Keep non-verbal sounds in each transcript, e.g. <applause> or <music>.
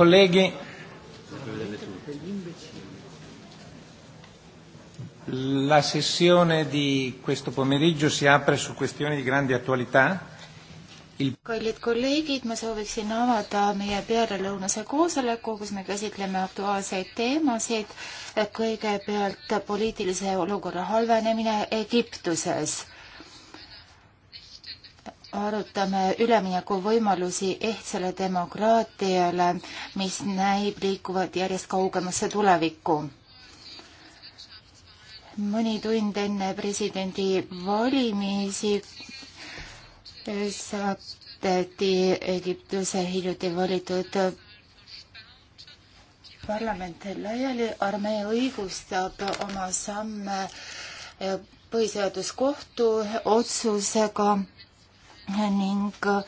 colleghi, la sessione di questo pomeriggio si apre su questioni di grande attualità. Il... kallid kolleegid, ma sooviksin avada meie pealelõunase koosoleku, kus me käsitleme aktuaalseid teemasid, kõigepealt poliitilise olukorra halvenemine Egiptuses arutame ülemineku võimalusi ehtsale demokraatiale, mis näib liikuvat järjest kaugemasse tulevikku. mõni tund enne presidendi valimisi saateti Egiptuse hiljuti valitud parlament laiali, armee õigustab oma samme põhiseaduskohtu otsusega ning äh,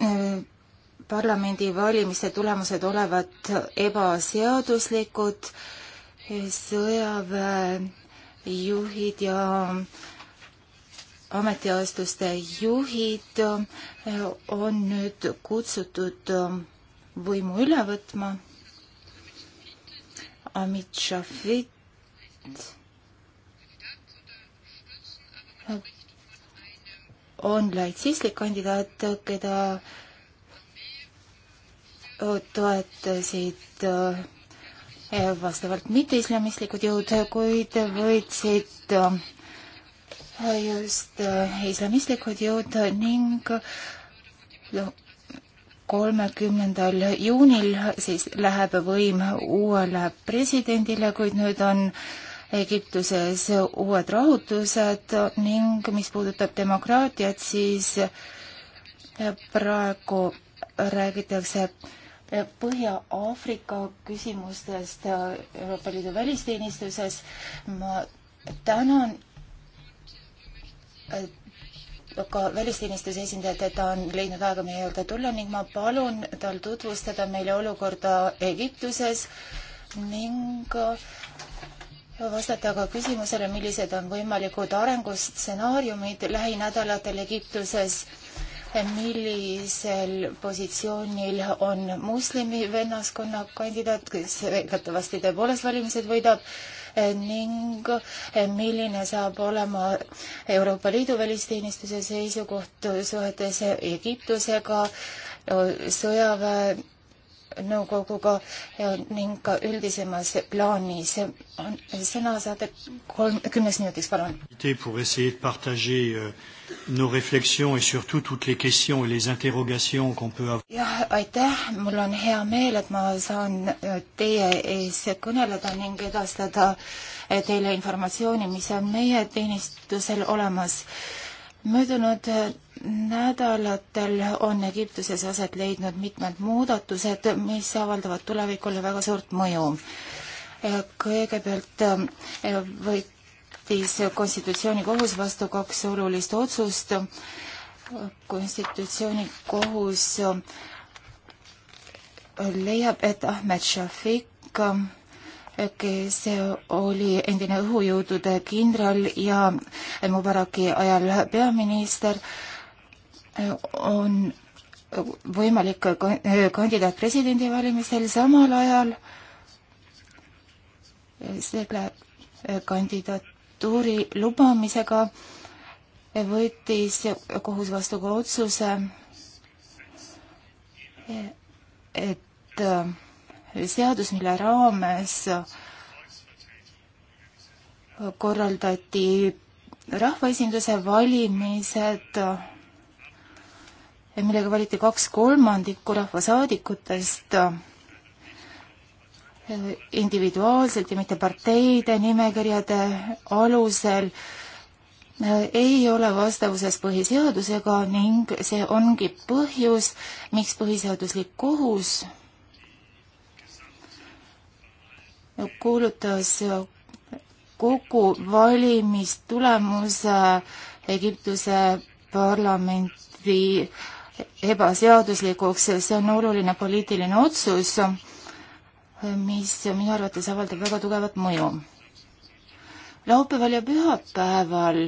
äh, parlamendivalimiste tulemused olevat ebaseaduslikud, sõjaväejuhid ja ametiasutuste juhid äh, on nüüd kutsutud võimu üle võtma. Amit Šafit on laitsistlik kandidaat, keda toetasid vastavalt mitteislamistlikud jõud, kuid võitsid just islamistlikud jõud ning kolmekümnendal juunil siis läheb võim uuele presidendile, kuid nüüd on äh, Egiptuses uued rahutused ning mis puudutab demokraatiat, siis praegu räägitakse Põhja-Aafrika küsimustest Euroopa Liidu välisteenistuses. ma tänan ka välisteenistuse esindajat, et ta on leidnud aega meie juurde tulla ning ma palun tal tutvustada meile olukorda Egiptuses ning vastata ka küsimusele, millised on võimalikud arengustsenaariumid lähinädalatel Egiptuses, millisel positsioonil on muslimi vennaskonna kandidaat, kes eeldatavasti tõepoolest valimised võidab, ning milline saab olema Euroopa Liidu välisteenistuse seisukoht suhetes Egiptusega, sõjaväe nõukoguga ning üldisemas plaanis. sõna saate kolmekümnes minutiks, palun. Pour essayer de partager euh, nos réflexions et surtout toutes les questions et les interrogations qu'on peut avoir. jah, aitäh, mul on hea meel, et ma saan äh, teie ees kõneleda ning edastada äh, teile informatsiooni, mis on meie teenistusel olemas möödunud äh, nädalatel on Egiptuses aset leidnud mitmed muudatused, mis avaldavad tulevikule väga suurt mõju. Äh, kõigepealt äh, võttis konstitutsioonikohus vastu kaks olulist otsust. konstitutsioonikohus leiab, et Ahmed Shafik kes oli endine õhujõudude kindral ja Mubaraki ajal peaminister, on võimalik kandidaat presidendi valimisel samal ajal selle kandidatuuri lubamisega võttis kohus vastu ka otsuse, et seadus, mille raames korraldati rahvaesinduse valimised, millega valiti kaks kolmandikku rahvasaadikutest individuaalselt ja mitte parteide nimekirjade alusel, ei ole vastavuses põhiseadusega ning see ongi põhjus, miks põhiseaduslik kohus kuulutas kogu valimistulemuse Egiptuse parlamenti ebaseaduslikuks, see on oluline poliitiline otsus, mis minu arvates avaldab väga tugevat mõju. laupäeval ja pühapäeval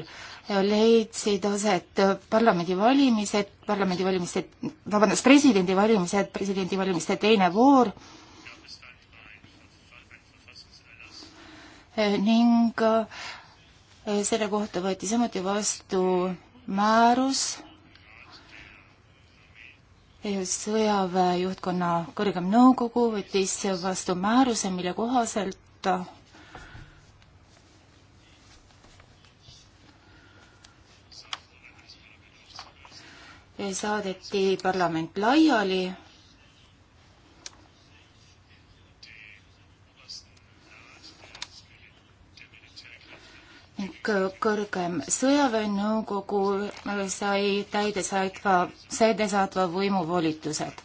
leidsid aset parlamendivalimised, parlamendivalimiste, vabandust, presidendivalimised, presidendivalimise teine voor ning äh, selle kohta võeti samuti vastu määrus äh, sõjaväe juhtkonna kõrgem nõukogu võttis vastu määruse, mille kohaselt äh, saadeti parlament laiali kõrgem sõjaväenõukogu äh, sai täidesaatva, täidesaatva võimu volitused.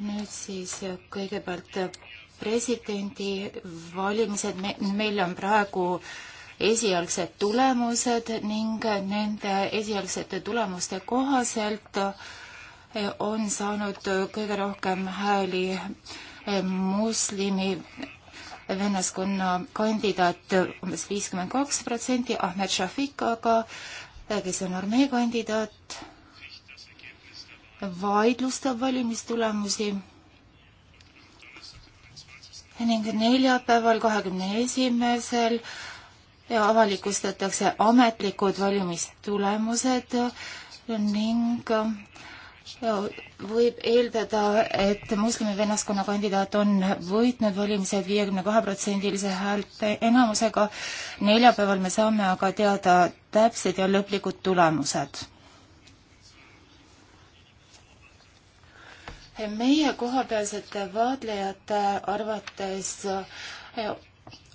nüüd siis kõigepealt presidendi valimised, me, meil on praegu esialgsed tulemused ning nende esialgsete tulemuste kohaselt äh, on saanud kõige rohkem hääli äh, moslemi vennaskonna kandidaat umbes viiskümmend kaks protsenti, Ahmed Šafik aga, kes on armee kandidaat, vaidlustab valimistulemusi ning neljapäeval, kahekümne esimesel avalikustatakse ametlikud valimistulemused ning võib eeldada, et moslemi vennaskonna kandidaat on võitnud valimised viiekümne kahe protsendilise häälte enamusega. neljapäeval me saame aga teada täpsed ja lõplikud tulemused. meie kohapealsete vaatlejate arvates eh,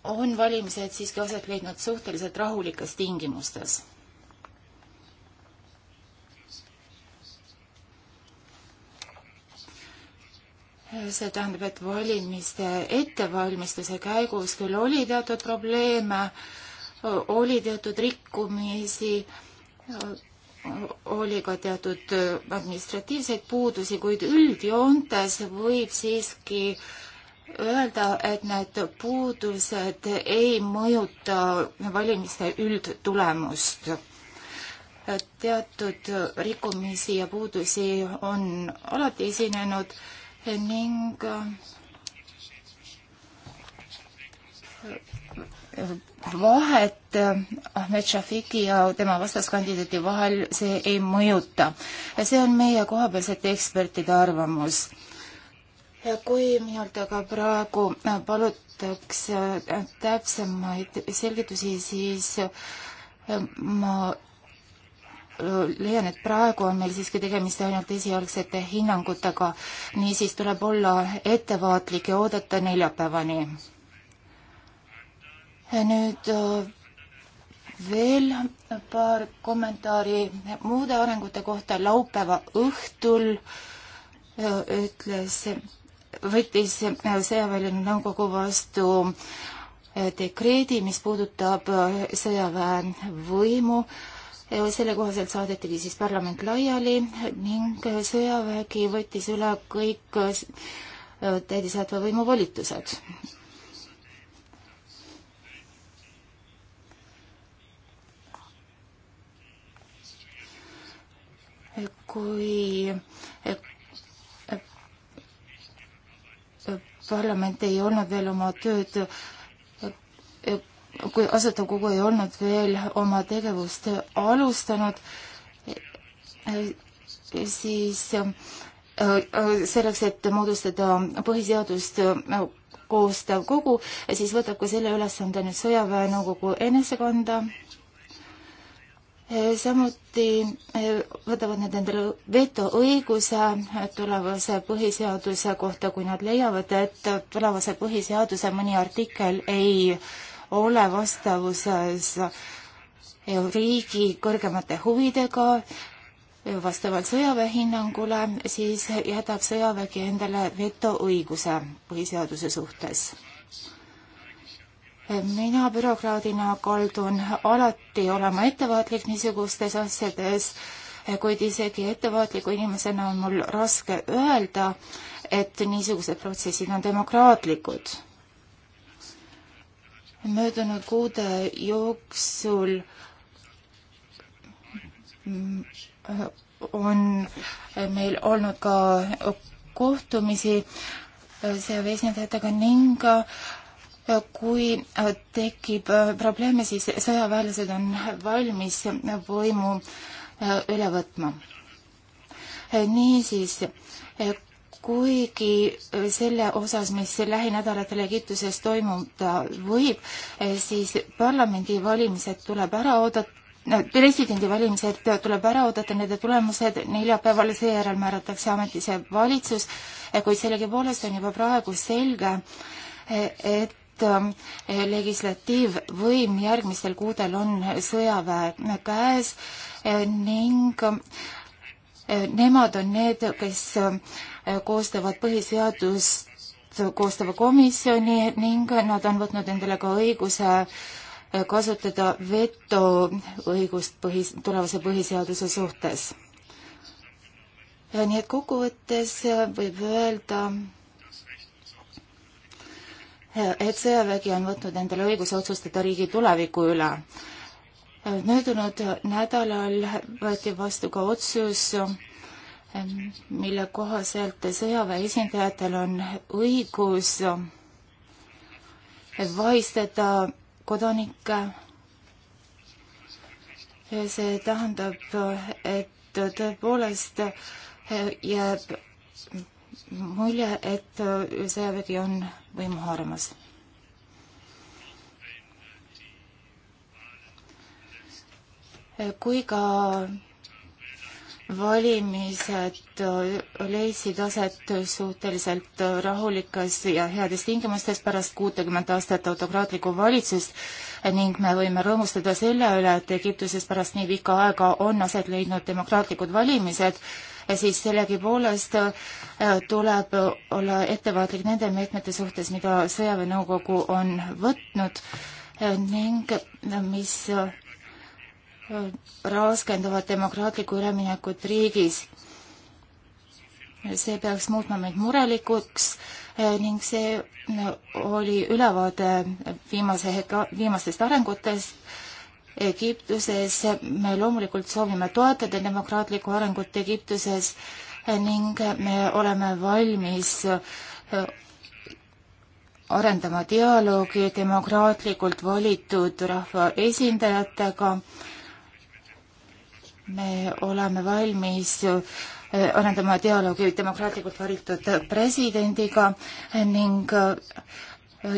on valimised siiski aset leidnud suhteliselt rahulikes tingimustes see tähendab, et valimiste ettevalmistuse käigus küll oli teatud probleeme, oli teatud rikkumisi, oli ka teatud administratiivseid puudusi, kuid üldjoontes võib siiski öelda, et need puudused ei mõjuta valimiste üldtulemust. teatud rikkumisi ja puudusi on alati esinenud ning äh, vahet Ahmed äh, Shafiki ja tema vastaskandidaadi vahel see ei mõjuta. see on meie kohapealsete ekspertide arvamus. kui minult aga praegu äh, palutakse täpsemaid selgitusi, siis ma leian, et praegu on meil siiski tegemist ainult esialgsete hinnangutega, niisiis tuleb olla ettevaatlik ja oodata neljapäevani. nüüd äh, veel paar kommentaari muude arengute kohta laupäeva õhtul äh, ütles, võttis äh, sõjaväeline nõukogu vastu dekreedi, mis puudutab sõjaväe võimu Äh, selle kohaselt saadetigi siis parlament laiali ning äh, sõjavägi võttis üle kõik äh, täidesaatva võimu volitused. kui parlament ei olnud veel oma tööd kui Asutav Kogu ei olnud veel oma tegevust alustanud, siis äh, äh, selleks, et moodustada põhiseadust äh, koostav kogu, siis võtab ka selle ülesande nüüd Sõjaväenõukogu enese kanda. samuti võtavad nad endale vetoõiguse tulevase põhiseaduse kohta, kui nad leiavad, et tulevase põhiseaduse mõni artikkel ei äh, ole vastavuses riigi kõrgemate huvidega, vastavalt sõjaväe hinnangule, siis jätab sõjavägi endale vetoõiguse põhiseaduse suhtes. mina bürokraadina kaldun alati olema ettevaatlik niisugustes asjades, kuid isegi ettevaatliku inimesena on mul raske öelda, et niisugused protsessid on demokraatlikud möödunud kuude jooksul on meil olnud ka kohtumisi sõjaväeesindajatega ning kui tekib probleeme, siis sõjaväelased on valmis võimu üle võtma. niisiis, kuigi selle osas, mis lähinädalatel Egiptuses toimuda võib, eh, siis parlamendivalimised tuleb ära oodata, no presidendivalimised tuleb ära oodata, nende tulemused neljapäeval, seejärel määratakse ametisse valitsus, eh, kuid sellegipoolest on juba praegu selge, eh, et et legislatiivvõim järgmistel kuudel on sõjaväe käes ning Äh, nemad on need, kes äh, koostavad põhiseadust koostava komisjoni ning nad on võtnud endale ka õiguse äh, kasutada veto õigust põhi, tulevase põhiseaduse suhtes. nii et kokkuvõttes võib öelda, et sõjavägi on võtnud endale õiguse otsustada riigi tuleviku üle möödunud nädalal võeti vastu ka otsus, mille kohaselt sõjaväe esindajatel on õigus vahistada kodanikke. see tähendab, et tõepoolest jääb mulje, et sõjavägi on võimu haaramas kui ka valimised leidsid aset suhteliselt rahulikes ja heades tingimustes pärast kuutekümmet aastat autokraatlikku valitsust ning me võime rõõmustada selle üle, et Egiptuses pärast nii pikka aega on aset leidnud demokraatlikud valimised, siis sellegipoolest äh, tuleb olla ettevaatlik nende meetmete suhtes, mida sõjaväenõukogu on võtnud äh, ning mis raskendavad demokraatlikku üleminekut riigis. see peaks muutma meid murelikuks eh, ning see eh, oli ülevaade viimase hetke, viimastest arengutest Egiptuses. me loomulikult soovime toetada demokraatlikku arengut Egiptuses eh, ning me oleme valmis arendama dialoogi demokraatlikult valitud rahvaesindajatega me oleme valmis eh, arendama dialoogi demokraatlikult valitud presidendiga ning eh,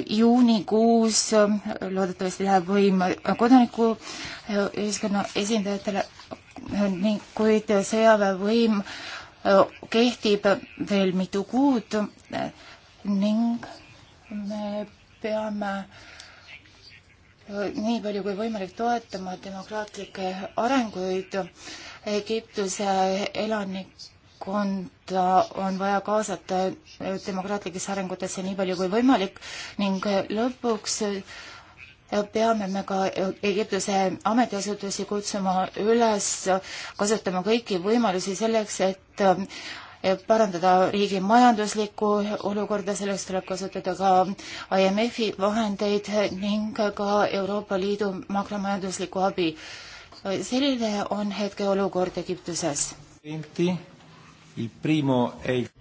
juunikuus eh, loodetavasti läheb võim kodanikuühiskonna esindajatele ning kuid sõjaväevõim kehtib veel mitu kuud ning me peame äh, nii palju kui võimalik toetama demokraatlikke arenguid. Egiptuse elanikkonda on vaja kaasata demokraatlikesse arengutesse nii palju kui võimalik ning lõpuks peame me ka Egiptuse ametiasutusi kutsuma üles kasutama kõiki võimalusi selleks, et parandada riigi majanduslikku olukorda, selleks tuleb kasutada ka IMF-i vahendeid ning ka Euroopa Liidu makromajanduslikku abi. selline on hetkeolukord Egiptuses.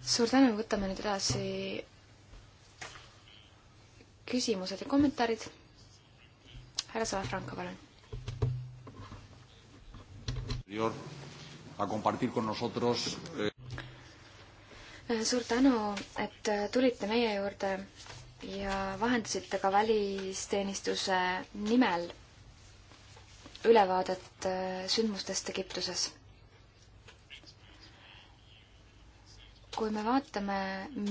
suur tänu, võtame nüüd edasi küsimused ja kommentaarid. härra Salafranco, palun a compartir con nosotros. Eh suur tänu, et tulite meie juurde ja vahendasite ka välisteenistuse nimel ülevaadet äh, sündmustest Egiptuses. kui me vaatame,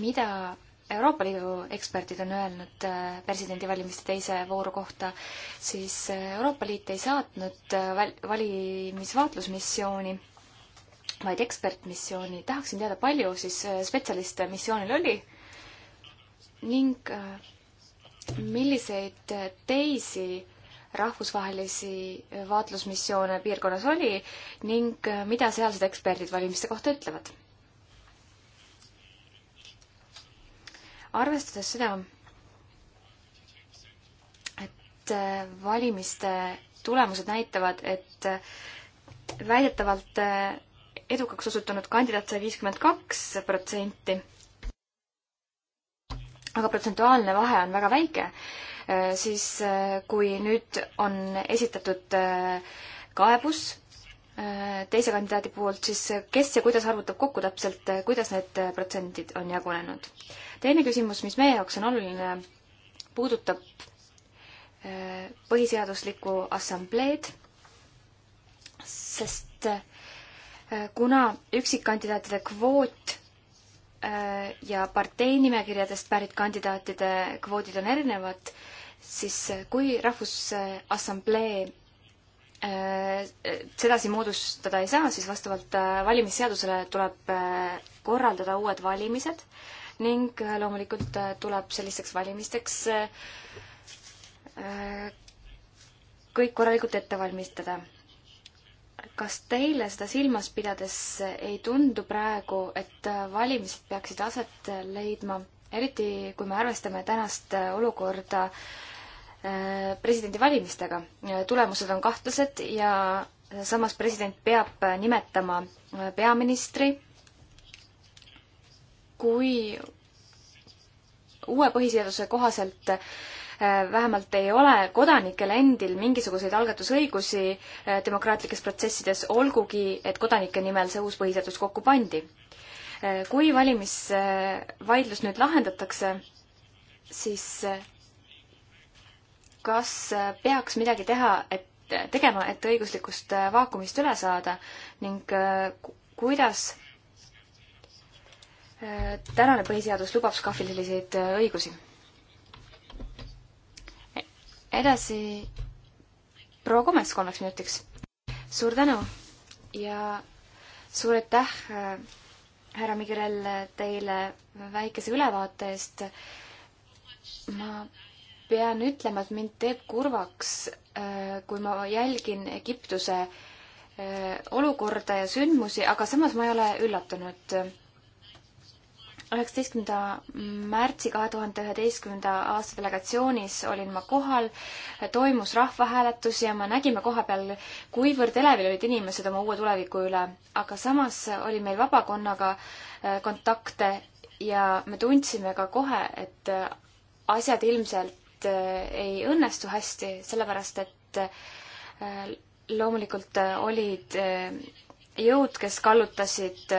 mida Euroopa Liidu eksperdid on öelnud äh, presidendivalimiste teise vooru kohta, siis äh, Euroopa Liit ei saatnud val-, valimisvaatlusmissiooni vaid ekspertmissiooni. tahaksin teada, palju siis äh, spetsialiste missioonil oli ning äh, milliseid äh, teisi rahvusvahelisi vaatlusmissioone piirkonnas oli ning mida sealsed eksperdid valimiste kohta ütlevad? arvestades seda, et valimiste tulemused näitavad, et väidetavalt edukaks osutunud kandidaat sai viiskümmend kaks protsenti. aga protsentuaalne vahe on väga väike, äh, siis äh, kui nüüd on esitatud äh, kaebus teise kandidaadi poolt, siis kes ja kuidas arvutab kokku täpselt, kuidas need protsendid on jagunenud? teine küsimus, mis meie jaoks on oluline, puudutab põhiseaduslikku assambleed, sest äh, Äh, kuna üksikkandidaatide kvoot äh, ja parteinimekirjadest pärit kandidaatide kvoodid on erinevad, siis äh, kui Rahvusassamblee sedasi moodustada ei saa, siis vastavalt valimisseadusele tuleb korraldada uued valimised ning loomulikult tuleb sellisteks valimisteks kõik korralikult ette valmistada kas teile seda silmas pidades ei tundu praegu, et valimised peaksid aset leidma, eriti kui me arvestame tänast olukorda äh, presidendivalimistega. tulemused on kahtlased ja samas president peab nimetama äh, peaministri. kui uue põhiseaduse kohaselt äh, Äh, vähemalt ei ole kodanikel endil mingisuguseid algatusõigusi äh, demokraatlikes protsessides, olgugi et kodanike nimel see uus põhiseadus kokku pandi. Äh, kui valimisvaidlus nüüd lahendatakse, siis kas peaks midagi teha, et tegema, et õiguslikust vaakumist üle saada ning kuidas tänane põhiseadus lubab SKAF-il selliseid õigusi? edasi proua Komes kolmeks minutiks. suur tänu ja suur aitäh, äh, härra Migrel, teile väikese ülevaate eest. ma pean ütlema, et mind teeb kurvaks, äh, kui ma jälgin Egiptuse äh, olukorda ja sündmusi, aga samas ma ei ole üllatunud üheksateistkümnenda märtsi kahe tuhande üheteistkümnenda aasta delegatsioonis olin ma kohal, toimus rahvahääletus ja me nägime koha peal, kuivõrd elevil olid inimesed oma uue tuleviku üle. aga samas oli meil vabakonnaga äh, kontakte ja me tundsime ka kohe, et äh, asjad ilmselt äh, ei õnnestu hästi, sellepärast et loomulikult olid jõud, kes kallutasid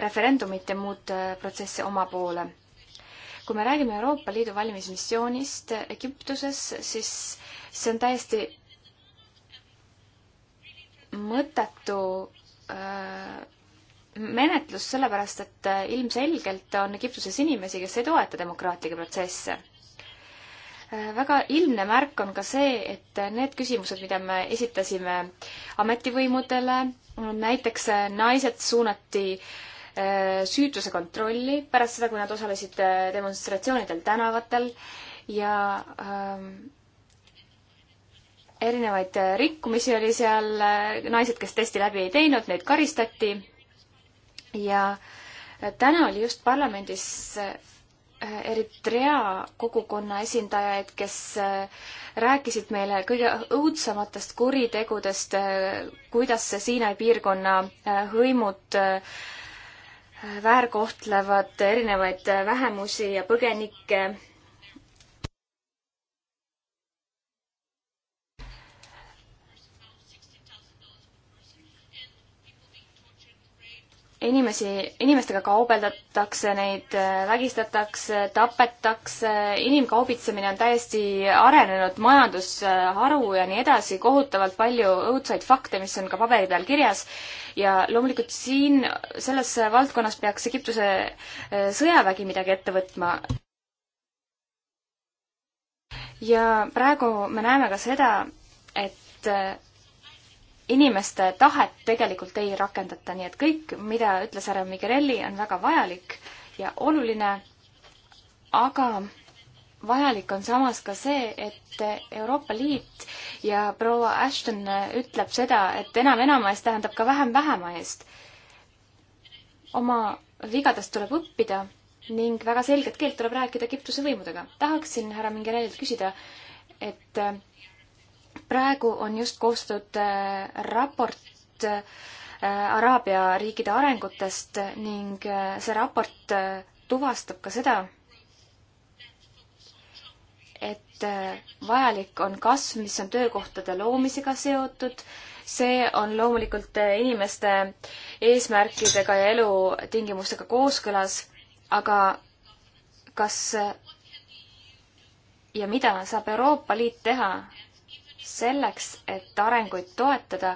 referendumit ja muud äh, protsesse oma poole. kui me räägime Euroopa Liidu valimismissioonist Egiptuses, siis see on täiesti mõttetu äh, menetlus, sellepärast et äh, ilmselgelt on Egiptuses inimesi, kes ei toeta demokraatlikke protsesse väga ilmne märk on ka see, et need küsimused, mida me esitasime ametivõimudele, näiteks naised suunati äh, Äh, süütuse kontrolli pärast seda, kui nad osalesid äh, demonstratsioonidel tänavatel ja ähm, erinevaid äh, rikkumisi oli seal, naised, kes testi läbi ei teinud, neid karistati ja täna oli just parlamendis Eritrea kogukonna esindajaid, kes rääkisid meile kõige õudsematest kuritegudest, kuidas Siinai piirkonna hõimud väärkohtlevad erinevaid vähemusi ja põgenikke inimesi, inimestega kaubeldatakse, neid vägistatakse, tapetakse, inimkaubitsemine on täiesti arenenud majandusharu ja nii edasi, kohutavalt palju õudsaid fakte, mis on ka paberi peal kirjas. ja loomulikult siin, selles valdkonnas peaks Egiptuse eh, sõjavägi midagi ette võtma. ja praegu me näeme ka seda, et eh, inimeste tahet tegelikult ei rakendata, nii et kõik, mida ütles härra Migrelli, on väga vajalik ja oluline, aga vajalik on samas ka see, et Euroopa Liit ja proua Ashton ütleb seda, et enam enama eest tähendab ka vähem vähema eest. oma vigadest tuleb õppida ning väga selget keelt tuleb rääkida Egiptuse võimudega. tahaksin härra Mingerellilt küsida, et praegu on just koostatud äh, raport äh, Araabia riikide arengutest ning äh, see raport tuvastab ka seda, et vajalik on kasv, mis on töökohtade loomisega seotud, see on loomulikult inimeste eesmärkidega ja elutingimustega kooskõlas, aga kas ja mida saab Euroopa Liit teha selleks, et arenguid toetada,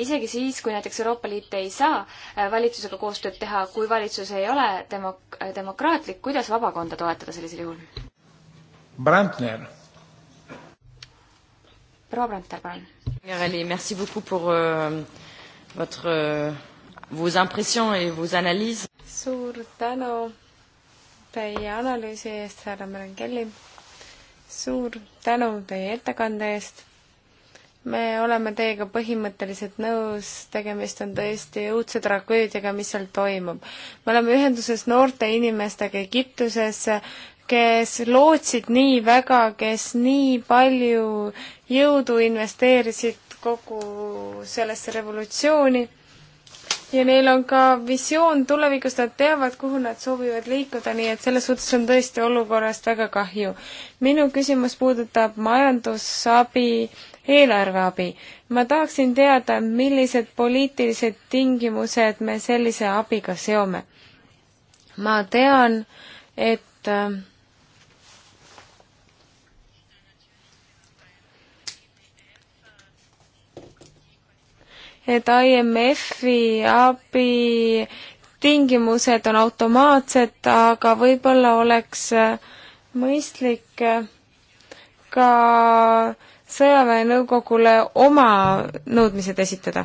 isegi siis, kui näiteks Euroopa Liit ei saa äh, valitsusega koostööd teha, kui valitsus ei ole demok-, äh, demokraatlik, kuidas vabakonda toetada sellisel juhul? Brandner. proua Brandner, palun. Euh, euh, suur tänu teie analüüsi eest, härra Merengeli. suur tänu teie ettekande eest me oleme teiega põhimõtteliselt nõus, tegemist on tõesti õudse tragöödiaga, mis seal toimub. me oleme ühenduses noorte inimestega Egiptuses, kes lootsid nii väga, kes nii palju jõudu investeerisid kogu sellesse revolutsiooni ja neil on ka visioon tulevikus, nad teavad, kuhu nad soovivad liikuda, nii et selles suhtes on tõesti olukorrast väga kahju. minu küsimus puudutab majandusabi äh, eelarveabi. ma tahaksin teada, millised poliitilised tingimused me sellise abiga seome. ma tean, et äh, et IMF-i abi tingimused on automaatsed, aga võib-olla oleks äh, mõistlik äh, ka sõjaväenõukogule oma nõudmised esitada.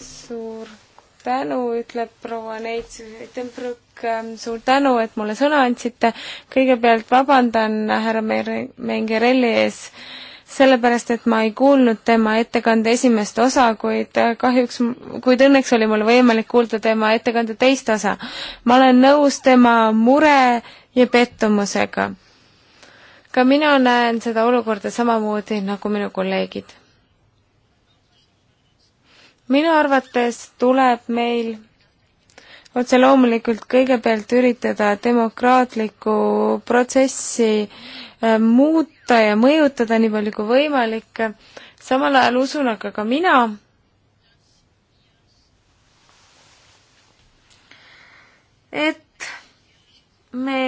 suur tänu, ütleb proua Neits Ütenbrück, suur tänu, et mulle sõna andsite. kõigepealt vabandan härra Mengerelli ees, sellepärast et ma ei kuulnud tema ettekande esimest osa, kuid kahjuks, kuid õnneks oli mul võimalik kuulda tema ettekande teist osa. ma olen nõus tema mure ja pettumusega ka mina näen seda olukorda samamoodi nagu minu kolleegid. minu arvates tuleb meil otse loomulikult kõigepealt üritada demokraatlikku protsessi äh, muuta ja mõjutada nii palju kui võimalik. samal ajal usun aga ka mina, et me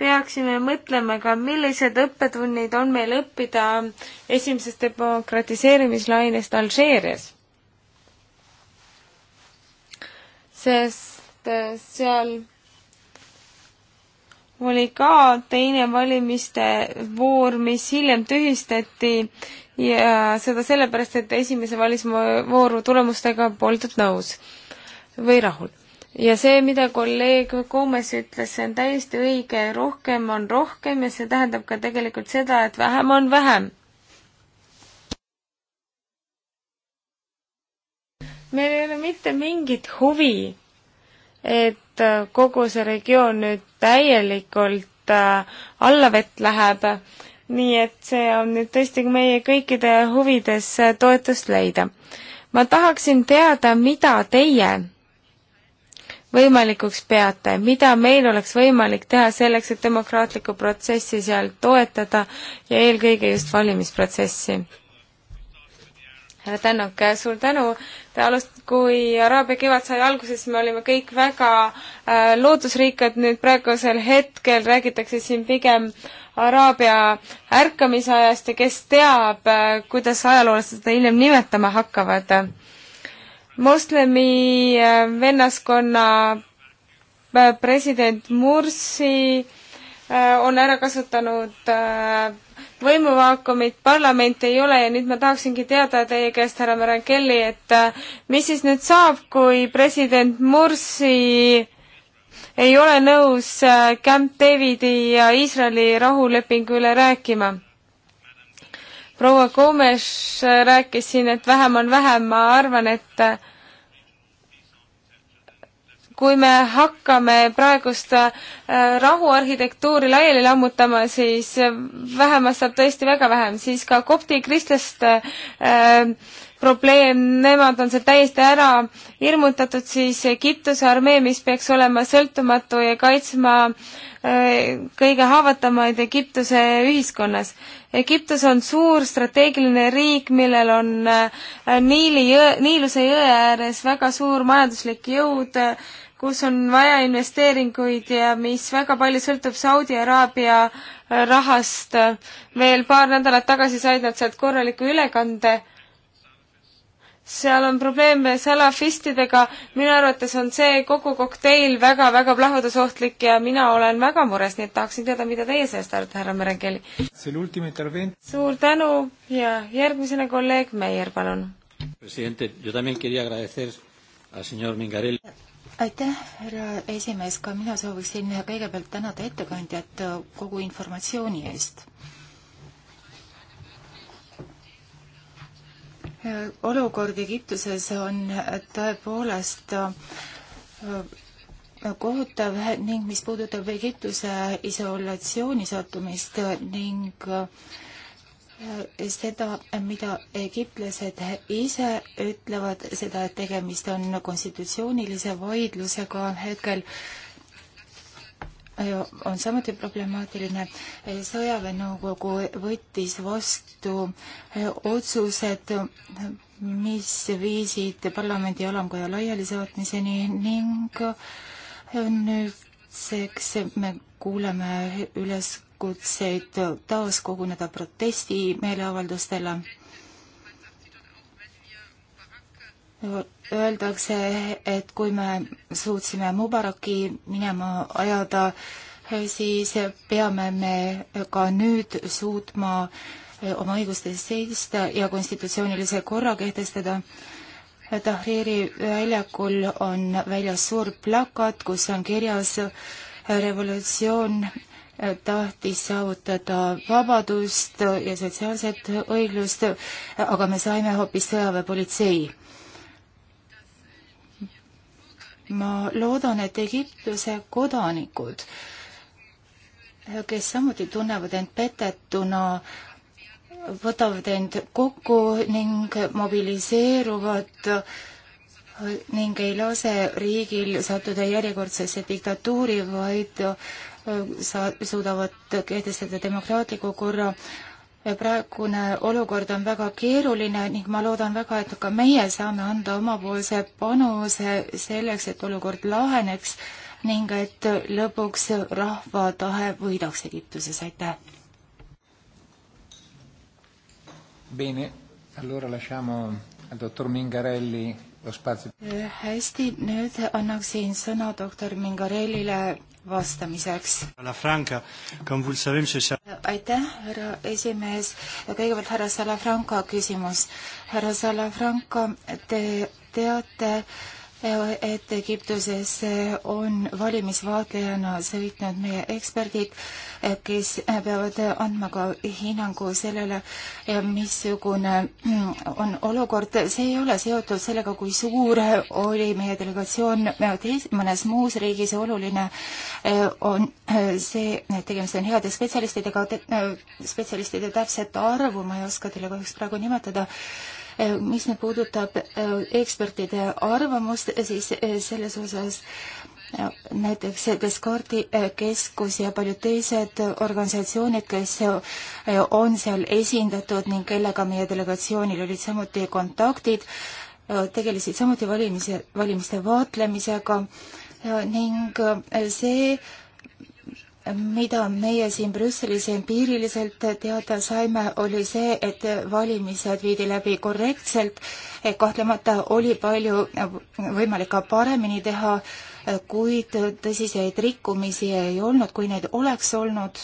peaksime mõtlema ka, millised õppetunnid on meil õppida esimesest demokratiseerimislainest Alžeerias. sest äh, seal oli ka teine valimiste voor, mis hiljem tühistati ja seda sellepärast, et esimese valimisvooru tulemustega poldud nõus või rahul ja see, mida kolleeg Koomes ütles, see on täiesti õige, rohkem on rohkem ja see tähendab ka tegelikult seda, et vähem on vähem. meil ei ole mitte mingit huvi, et kogu see regioon nüüd täielikult äh, alla vett läheb, nii et see on nüüd tõesti meie kõikide huvides äh, toetust leida. ma tahaksin teada, mida teie võimalikuks peate, mida meil oleks võimalik teha selleks, et demokraatlikku protsessi seal toetada ja eelkõige just valimisprotsessi? härra Tänok, suur tänu! Te alust-, kui Araabia kevad sai alguse, siis me olime kõik väga äh, lootusrikkad, nüüd praegusel hetkel räägitakse siin pigem Araabia ärkamise ajast ja kes teab äh,, kuidas ajaloolased seda hiljem nimetama hakkavad äh, moslemi äh, vennaskonna äh, president Mursi äh, on ära kasutanud võimuvaakumit, parlament ei ole ja nüüd ma tahaksingi teada teie käest, härra Merangeli, et mis siis nüüd saab, kui president Mursi ei ole nõus Camp Davidi ja Iisraeli rahulepingu üle rääkima? proua Gomes rääkis siin, et vähem on vähem, ma arvan, et kui me hakkame praegust äh, rahuarhitektuuri laiali lammutama, siis äh, vähemast saab tõesti väga vähem, siis ka kopti kristlaste äh, probleem, nemad on sealt täiesti ära hirmutatud, siis Egiptuse armee, mis peaks olema sõltumatu ja kaitsma äh, kõige haavatavamaid Egiptuse ühiskonnas. Egiptus on suur strateegiline riik, millel on äh, Niili jõe, Niiluse jõe ääres väga suur majanduslik jõud äh,, kus on vaja investeeringuid ja mis väga palju sõltub Saudi Araabia rahast. veel paar nädalat tagasi said nad sealt korraliku ülekande. seal on probleeme salafistidega, minu arvates on see kogu kokteil väga-väga plahvatusohtlik ja mina olen väga mures, nii et tahaksin teada, mida teie sellest arvate, härra Merengeli. suur tänu ja järgmisena kolleeg Meier, palun. president, ma tahan tänada al señor Mingarelli aitäh, härra esimees, ka mina sooviksin kõigepealt tänada ettekandjat kogu informatsiooni eest. olukord Egiptuses on tõepoolest äh, kohutav ning mis puudutab Egiptuse isolatsiooni sattumist ning äh, seda, mida egiptlased ise ütlevad, seda, et tegemist on konstitutsioonilise vaidlusega hetkel, on samuti problemaatiline. sõjaväenõukogu võttis vastu otsused, mis viisid parlamendi alamkoja laialisaatmiseni ning nüüdseks me kuuleme üles üleskutseid taas koguneda protesti meeleavaldustele. Öeldakse, et kui me suutsime Mubaraki minema ajada, siis peame me ka nüüd suutma oma õigustes seista ja konstitutsioonilise korra kehtestada. Tahriri väljakul on väljas suur plakat, kus on kirjas revolutsioon tahtis saavutada vabadust ja sotsiaalset õiglust, aga me saime hoopis sõjaväepolitsei. ma loodan, et Egiptuse kodanikud, kes samuti tunnevad end petetuna, võtavad end kokku ning mobiliseeruvad ning ei lase riigil sattuda järjekordsesse diktatuuri, vaid saa-, suudavad kehtestada demokraatliku korra. praegune olukord on väga keeruline ning ma loodan väga, et ka meie saame anda omapoolse panuse selleks, et olukord laheneks ning et lõpuks rahva tahe võidaks Egiptuses, aitäh! Bene, allora lasciamo al dottor Mingarelli lo spazio. Eh, hästi, nüüd annaksin sõna doktor Mingarellile vastamiseks. aitäh, härra esimees. kõigepealt härra Salafranca küsimus. härra Salafranca, te teate, et Egiptuses eh, on valimisvaatlejana sõitnud meie eksperdid, eh, kes eh, peavad andma ka hinnangu sellele, missugune mm, on olukord. see ei ole seotud sellega, kui suur oli meie delegatsioon teis-, mõnes muus riigis. oluline on see, et tegemist on heade spetsialistidega, spetsialistide täpset arvu ma ei oska teile kahjuks praegu nimetada mis nüüd puudutab äh, ekspertide arvamust, siis äh, selles osas äh, näiteks Deskordikeskus ja paljud teised organisatsioonid, kes on seal esindatud ning kellega meie delegatsioonil olid samuti kontaktid, tegelesid samuti valimise, valimiste vaatlemisega ning see mida meie siin Brüsselis empiiriliselt teada saime, oli see, et valimised viidi läbi korrektselt. kahtlemata oli palju võimalik ka paremini teha, kuid tõsiseid rikkumisi ei olnud, kui neid oleks olnud,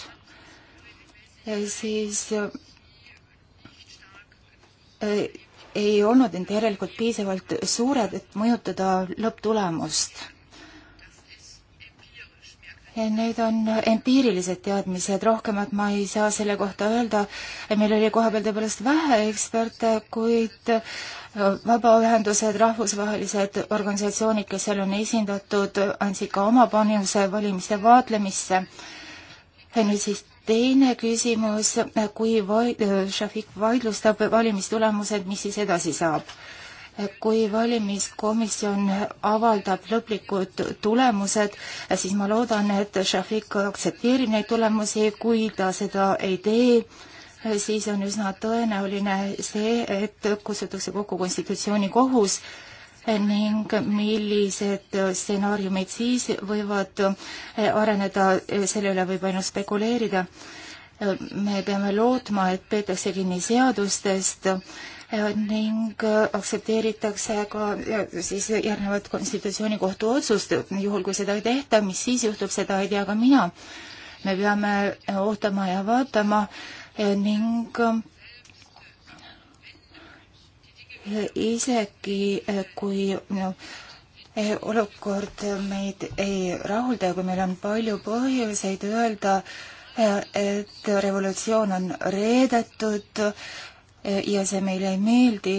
siis eh, ei olnud need järelikult piisavalt suured, et mõjutada lõpptulemust Need on empiirilised teadmised, rohkemat ma ei saa selle kohta öelda. meil oli kohapeal tõepoolest vähe eksperte, kuid äh, vabaühendused, rahvusvahelised organisatsioonid, kes seal on esindatud, andsid ka oma panuse valimiste vaatlemisse. nüüd siis teine küsimus, kui vaid-, Šafik vaidlustab valimistulemused, mis siis edasi saab? kui valimiskomisjon avaldab lõplikud tulemused, siis ma loodan, et Šafik aktsepteerib neid tulemusi, kui ta seda ei tee, siis on üsna tõenäoline see, et kutsutakse kokku konstitutsioonikohus ning millised stsenaariumid siis võivad areneda, selle üle võib ainult spekuleerida. me peame lootma, et peetakse kinni seadustest ning aktsepteeritakse ka siis järgnevat konstitutsioonikohtu otsust, juhul kui seda ei tehta, mis siis juhtub, seda ei tea ka mina. me peame ootama ja vaatama ning isegi kui no, olukord meid ei rahulda ja kui meil on palju põhjuseid öelda, et revolutsioon on reedetud ja see meile ei meeldi,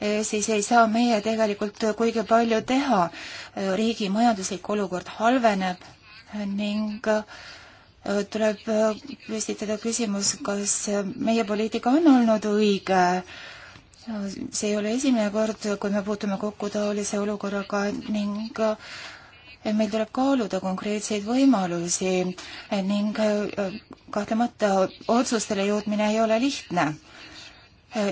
e, siis ei saa meie tegelikult kuigi palju teha. E, riigi majanduslik olukord halveneb ning e, tuleb püstitada küsimus, kas meie poliitika on olnud õige. see ei ole esimene kord, kui me puutume kokku taolise olukorraga ning meil tuleb kaaluda konkreetseid võimalusi ning kahtlemata otsustele jõudmine ei ole lihtne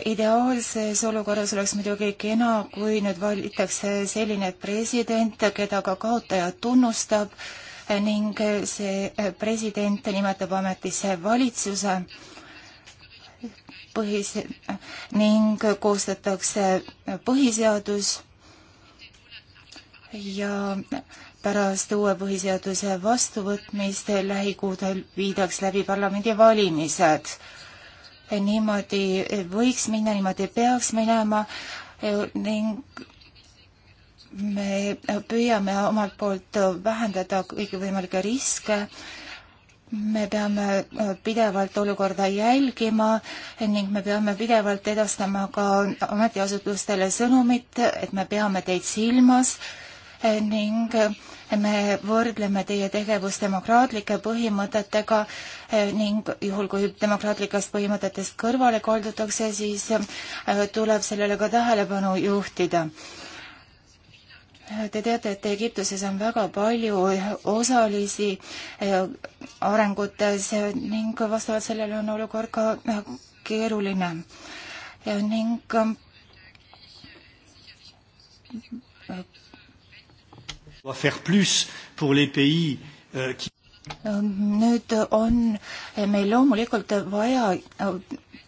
ideaalses olukorras oleks muidugi kena, kui nüüd valitakse selline president, keda ka kaotaja tunnustab ning see president nimetab ametisse valitsuse põhis- ning koostatakse põhiseadus ja pärast uue põhiseaduse vastuvõtmist lähikuudel viidaks läbi parlamendivalimised niimoodi võiks minna, niimoodi peaks minema ning me püüame omalt poolt vähendada kõiki võimalikke riske. me peame pidevalt olukorda jälgima ning me peame pidevalt edastama ka ametiasutustele sõnumit, et me peame teid silmas ning me võrdleme teie tegevust demokraatlike põhimõtetega eh, ning juhul, kui demokraatlikest põhimõtetest kõrvale kaldutakse, siis eh, tuleb sellele ka tähelepanu juhtida. Te teate, et Egiptuses on väga palju osalisi eh, arengutes ning vastavalt sellele on olukord ka keeruline ning Euh, ehm, nüüd on meil loomulikult vaja äh,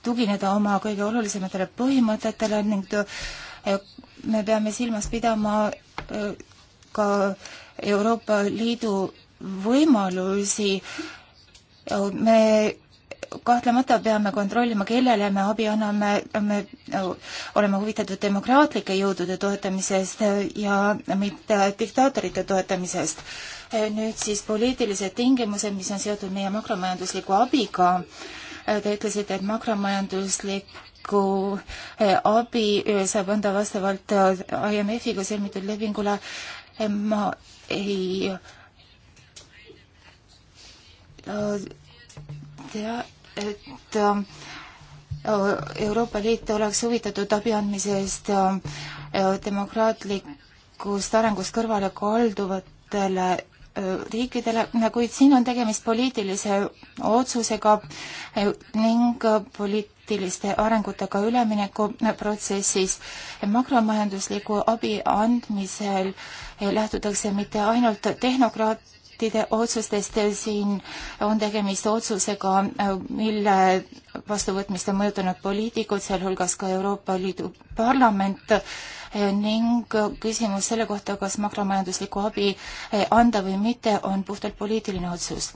tugineda oma kõige olulisematele põhimõtetele ning äh, me peame silmas pidama äh, ka Euroopa Liidu võimalusi. me kahtlemata peame kontrollima, kellele me abi anname, me oleme huvitatud demokraatlike jõudude toetamisest ja mitte diktaatorite toetamisest. nüüd siis poliitilised tingimused, mis on seotud meie makromajandusliku abiga. Te ütlesite, et makromajanduslik kui eh, abi saab anda vastavalt eh, IMF-iga sõlmitud lepingule, eh, ma ei tea, et äh, Euroopa Liit oleks huvitatud abi andmisest äh, äh, demokraatlikust arengust kõrvale kalduvatele riikidele, kuid siin on tegemist poliitilise otsusega ning poliitiliste arengutega üleminekuprotsessis. makromajandusliku abi andmisel lähtutakse mitte ainult tehnokraat-, parlamentide otsustest, eh, siin on tegemist otsusega, eh, mille vastuvõtmist on mõjutanud poliitikud, sealhulgas ka Euroopa Liidu parlament eh, ning küsimus selle kohta, kas makromajanduslikku abi anda või mitte, on puhtalt poliitiline otsus.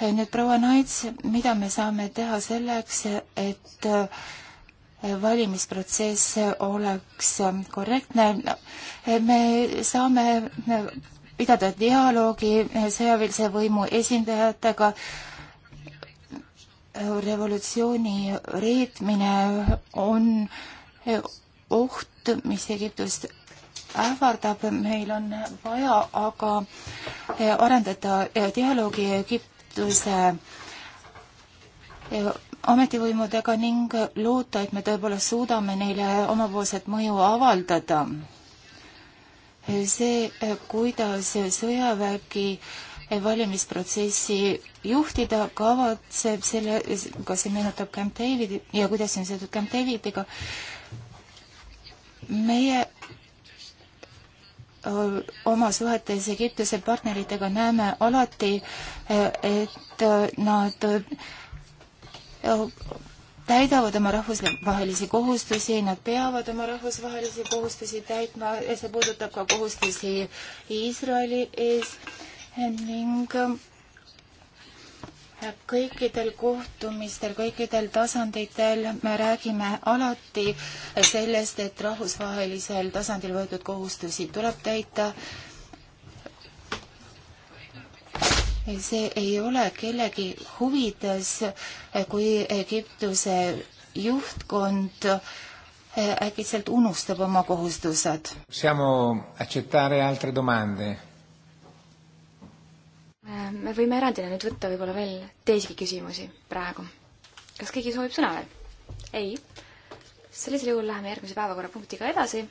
nüüd proua Naits, mida me saame teha selleks, et valimisprotsess oleks korrektne. me saame pidada dialoogi sõjaväelise võimu esindajatega. revolutsiooni reetmine on oht, mis Egiptust ähvardab, meil on vaja aga arendada dialoogi Egiptuse ametivõimudega ning loota, et me tõepoolest suudame neile omapoolset mõju avaldada see, kuidas sõjavägi valimisprotsessi juhtida kavatseb selle, kas see meenutab Camp Davidi ja kuidas see on seotud Camp Davidiga. meie oma suhetes Egiptuse partneritega näeme alati, et nad täidavad oma rahvusvahelisi kohustusi, nad peavad oma rahvusvahelisi kohustusi täitma ja see puudutab ka kohustusi Iisraeli ees ning äh, kõikidel kohtumistel, kõikidel tasanditel me räägime alati sellest, et rahvusvahelisel tasandil võetud kohustusi tuleb täita see ei ole kellegi huvides, kui Egiptuse juhtkond eh, äkitselt unustab oma kohustused. Äh, me võime erandina nüüd võtta võib-olla veel teisigi küsimusi praegu. kas keegi soovib sõna veel? ei? sellisel juhul läheme järgmise päevakorrapunktiga edasi.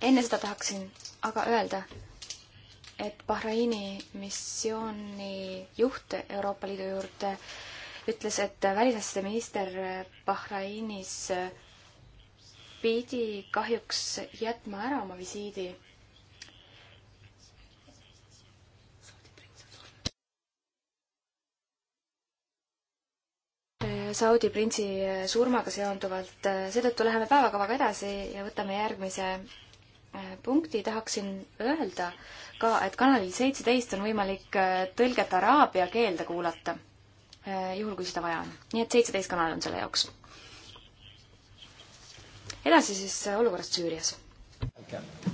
enne seda tahaksin aga öelda, et Bahraini missiooni juht Euroopa Liidu juurde ütles, et välisasjade minister Bahrainis pidi kahjuks jätma ära oma visiidi. Saudi printsi surmaga seonduvalt, seetõttu läheme päevakavaga edasi ja võtame järgmise Äh, punkti tahaksin öelda ka, et kanalil seitseteist on võimalik äh, tõlget araabia keelde kuulata, äh, juhul kui seda vaja on. nii et seitseteist kanal on selle jaoks. edasi siis olukorrast Süürias okay..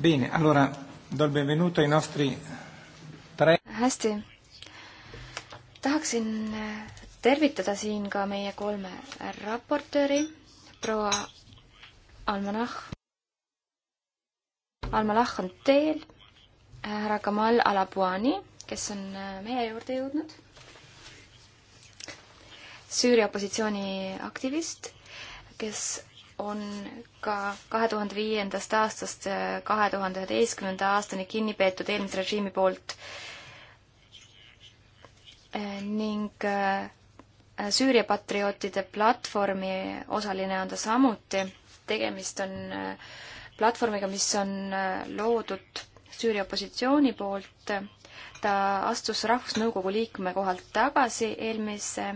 Bene, allora do il benvenuto ai nostri tre. hästi. tahaksin eh, tervitada siin ka meie kolme raportööri, proua Almanach. Almanach on teel, eh, härra Kamal Alabuani, kes on eh, meie juurde jõudnud. Süüria opositsiooni aktivist, kes on ka kahe tuhande viiendast aastast äh, kahe tuhande üheteistkümnenda aastani kinni peetud eelmise režiimi poolt äh, ning äh, Süüria patriootide platvormi osaline on ta samuti. tegemist on platvormiga, mis on loodud Süüria opositsiooni poolt. ta astus Rahvusnõukogu liikme kohalt tagasi eelmise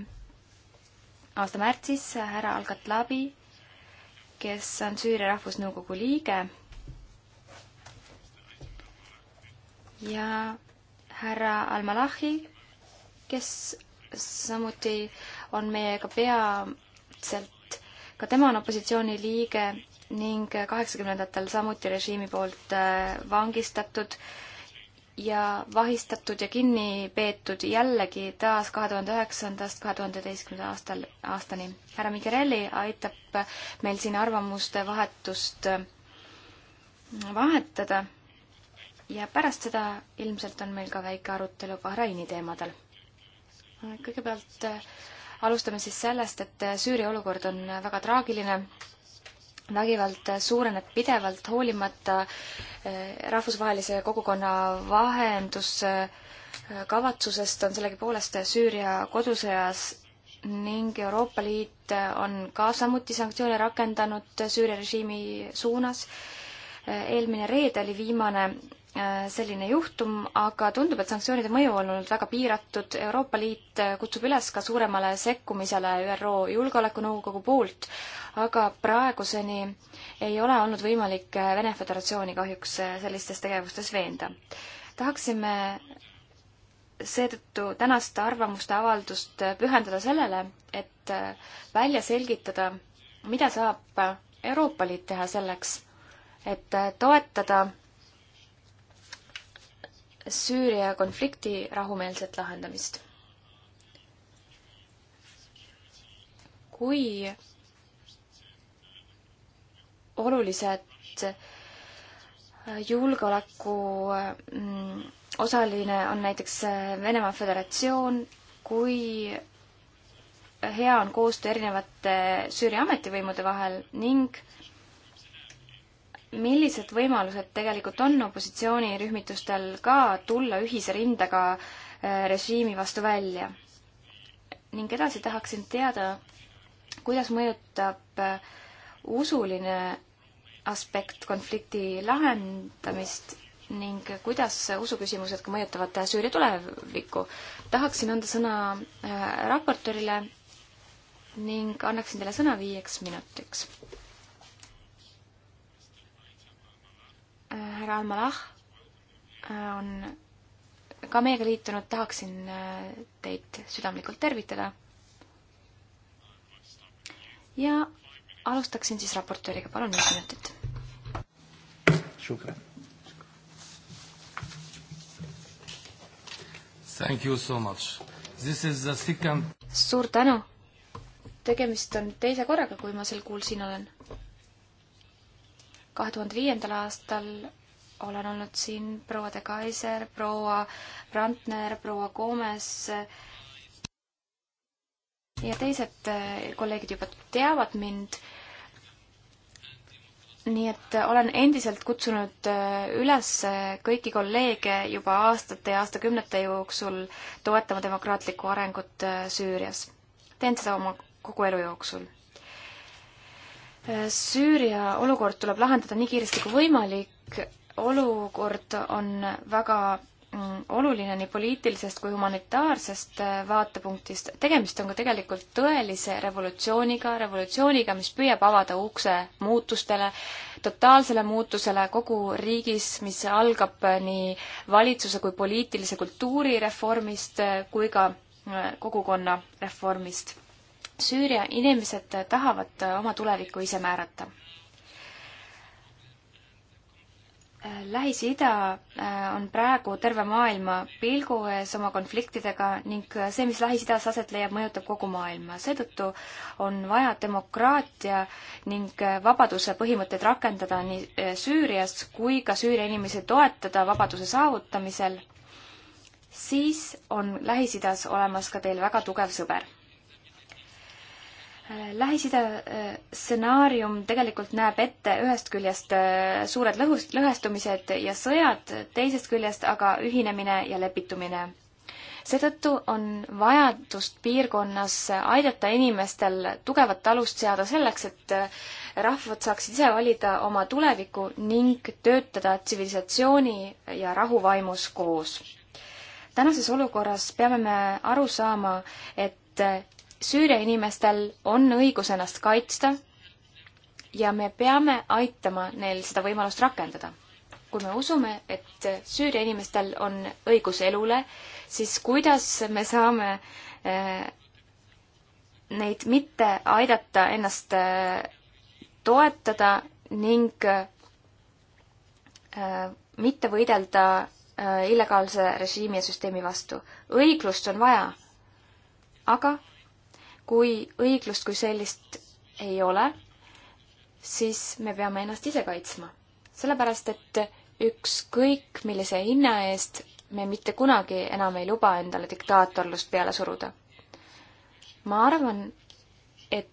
aasta märtsis, härra Al-Katlabi kes on Süüria Rahvusnõukogu liige. ja härra Al-Malahi, kes samuti on meiega peatselt, ka tema on opositsiooni liige ning kaheksakümnendatel samuti režiimi poolt äh, vangistatud äh, ja vahistatud ja kinni peetud jällegi taas kahe tuhande üheksandast kahe tuhande üheteistkümnenda aastal, aastani. härra Migerelli aitab meil siin arvamuste vahetust äh, vahetada ja pärast seda ilmselt on meil ka väike arutelu Bahraini teemadel. kõigepealt äh, alustame siis sellest, et Süüria olukord on väga traagiline vägivald suureneb pidevalt, hoolimata eh, rahvusvahelise kogukonna vahenduskavatsusest eh, on sellegipoolest Süüria kodusõjas ning Euroopa Liit on ka samuti sanktsioone rakendanud Süüria režiimi suunas. Eh, eelmine reede oli viimane Äh, selline juhtum, aga tundub, et sanktsioonide mõju on olnud väga piiratud. Euroopa Liit äh, kutsub üles ka suuremale sekkumisele ÜRO Julgeolekunõukogu poolt, aga praeguseni ei ole olnud võimalik äh, Vene Föderatsiooni kahjuks sellistes tegevustes veenda. tahaksime seetõttu tänast arvamuste avaldust pühendada sellele, et välja selgitada, mida saab Euroopa Liit teha selleks, et toetada Süüria konflikti rahumeelset lahendamist. kui olulised äh, julgeoleku mm, osaline on näiteks äh, Venemaa Föderatsioon, kui hea on koostöö erinevate Süüria ametivõimude vahel ning millised võimalused tegelikult on opositsioonirühmitustel ka tulla ühise rindega äh, režiimi vastu välja? ning edasi tahaksin teada, kuidas mõjutab äh, usuline aspekt konflikti lahendamist ning kuidas usuküsimused ka mõjutavad äh, Süüria tulevikku. tahaksin anda sõna raportöörile ning annaksin teile sõna viieks minutiks. Äh, härra Almalah äh, on ka meiega liitunud, tahaksin äh, teid südamlikult tervitada. ja alustaksin siis raportööriga, palun viis minutit. Thank you so much. This is the second suur tänu! tegemist on teise korraga, kui ma sel kuul siin olen kahe tuhande viiendal aastal olen olnud siin proua de Kaiser, proua Brandner, proua Gomes ja teised eh, kolleegid juba teavad mind. nii et eh, olen endiselt kutsunud eh, üles kõiki kolleege juba aastate ja aastakümnete jooksul toetama demokraatlikku arengut Süürias. teen seda oma kogu elu jooksul Süüria olukord tuleb lahendada nii kiiresti kui võimalik, olukord on väga mm, oluline nii poliitilisest kui humanitaarsest äh, vaatepunktist. tegemist on ka tegelikult tõelise revolutsiooniga, revolutsiooniga, mis püüab avada ukse muutustele, totaalsele muutusele kogu riigis, mis algab äh, nii valitsuse kui poliitilise kultuuri reformist äh, kui ka kogukonna reformist. Süüria inimesed tahavad oma tulevikku ise määrata. Lähis-Ida äh, on praegu terve maailma pilgu ees oma konfliktidega ning see, mis Lähis-Idas aset leiab, mõjutab kogu maailma. seetõttu on vaja demokraatia ning äh, vabaduse põhimõtteid rakendada nii äh, Süürias kui ka Süüria inimesi toetada vabaduse saavutamisel. siis on Lähis-Idas olemas ka teil väga tugev sõber Lähis-Ida äh, stsenaarium tegelikult näeb ette ühest küljest äh, suured lõhust, lõhestumised ja sõjad, teisest küljest aga ühinemine ja lepitumine. seetõttu on vajadust piirkonnas aidata inimestel tugevat alust seada selleks, et äh, rahvad saaksid ise valida oma tulevikku ning töötada tsivilisatsiooni ja rahu vaimus koos. tänases olukorras peame me aru saama, et Süüria inimestel on õigus ennast kaitsta ja me peame aitama neil seda võimalust rakendada. kui me usume, et Süüria inimestel on õigus elule, siis kuidas me saame eh, neid mitte aidata ennast eh, toetada ning eh, mitte võidelda illegaalse režiimi ja süsteemi vastu. õiglust on vaja, aga kui õiglust kui sellist ei ole, siis me peame ennast ise kaitsma. sellepärast, et ükskõik millise hinna eest me mitte kunagi enam ei luba endale diktaatorlust peale suruda. ma arvan, et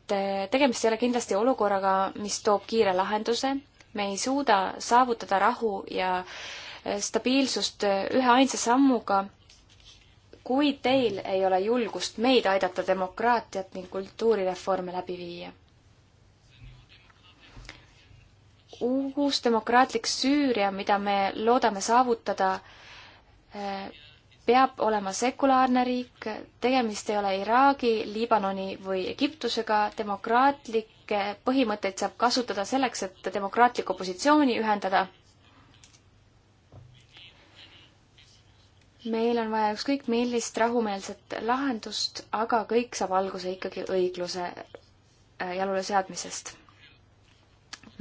tegemist ei ole kindlasti olukorraga, mis toob kiire lahenduse, me ei suuda saavutada rahu ja stabiilsust ühe ainsa sammuga kui teil ei ole julgust meid aidata demokraatiat ning kultuurireforme läbi viia. uus demokraatlik Süüria, mida me loodame saavutada, peab olema sekulaarne riik, tegemist ei ole Iraagi, Liibanoni või Egiptusega, demokraatlikke põhimõtteid saab kasutada selleks, et demokraatlikku opositsiooni ühendada meil on vaja ükskõik millist rahumeelset lahendust, aga kõik saab alguse ikkagi õigluse äh, jalule seadmisest.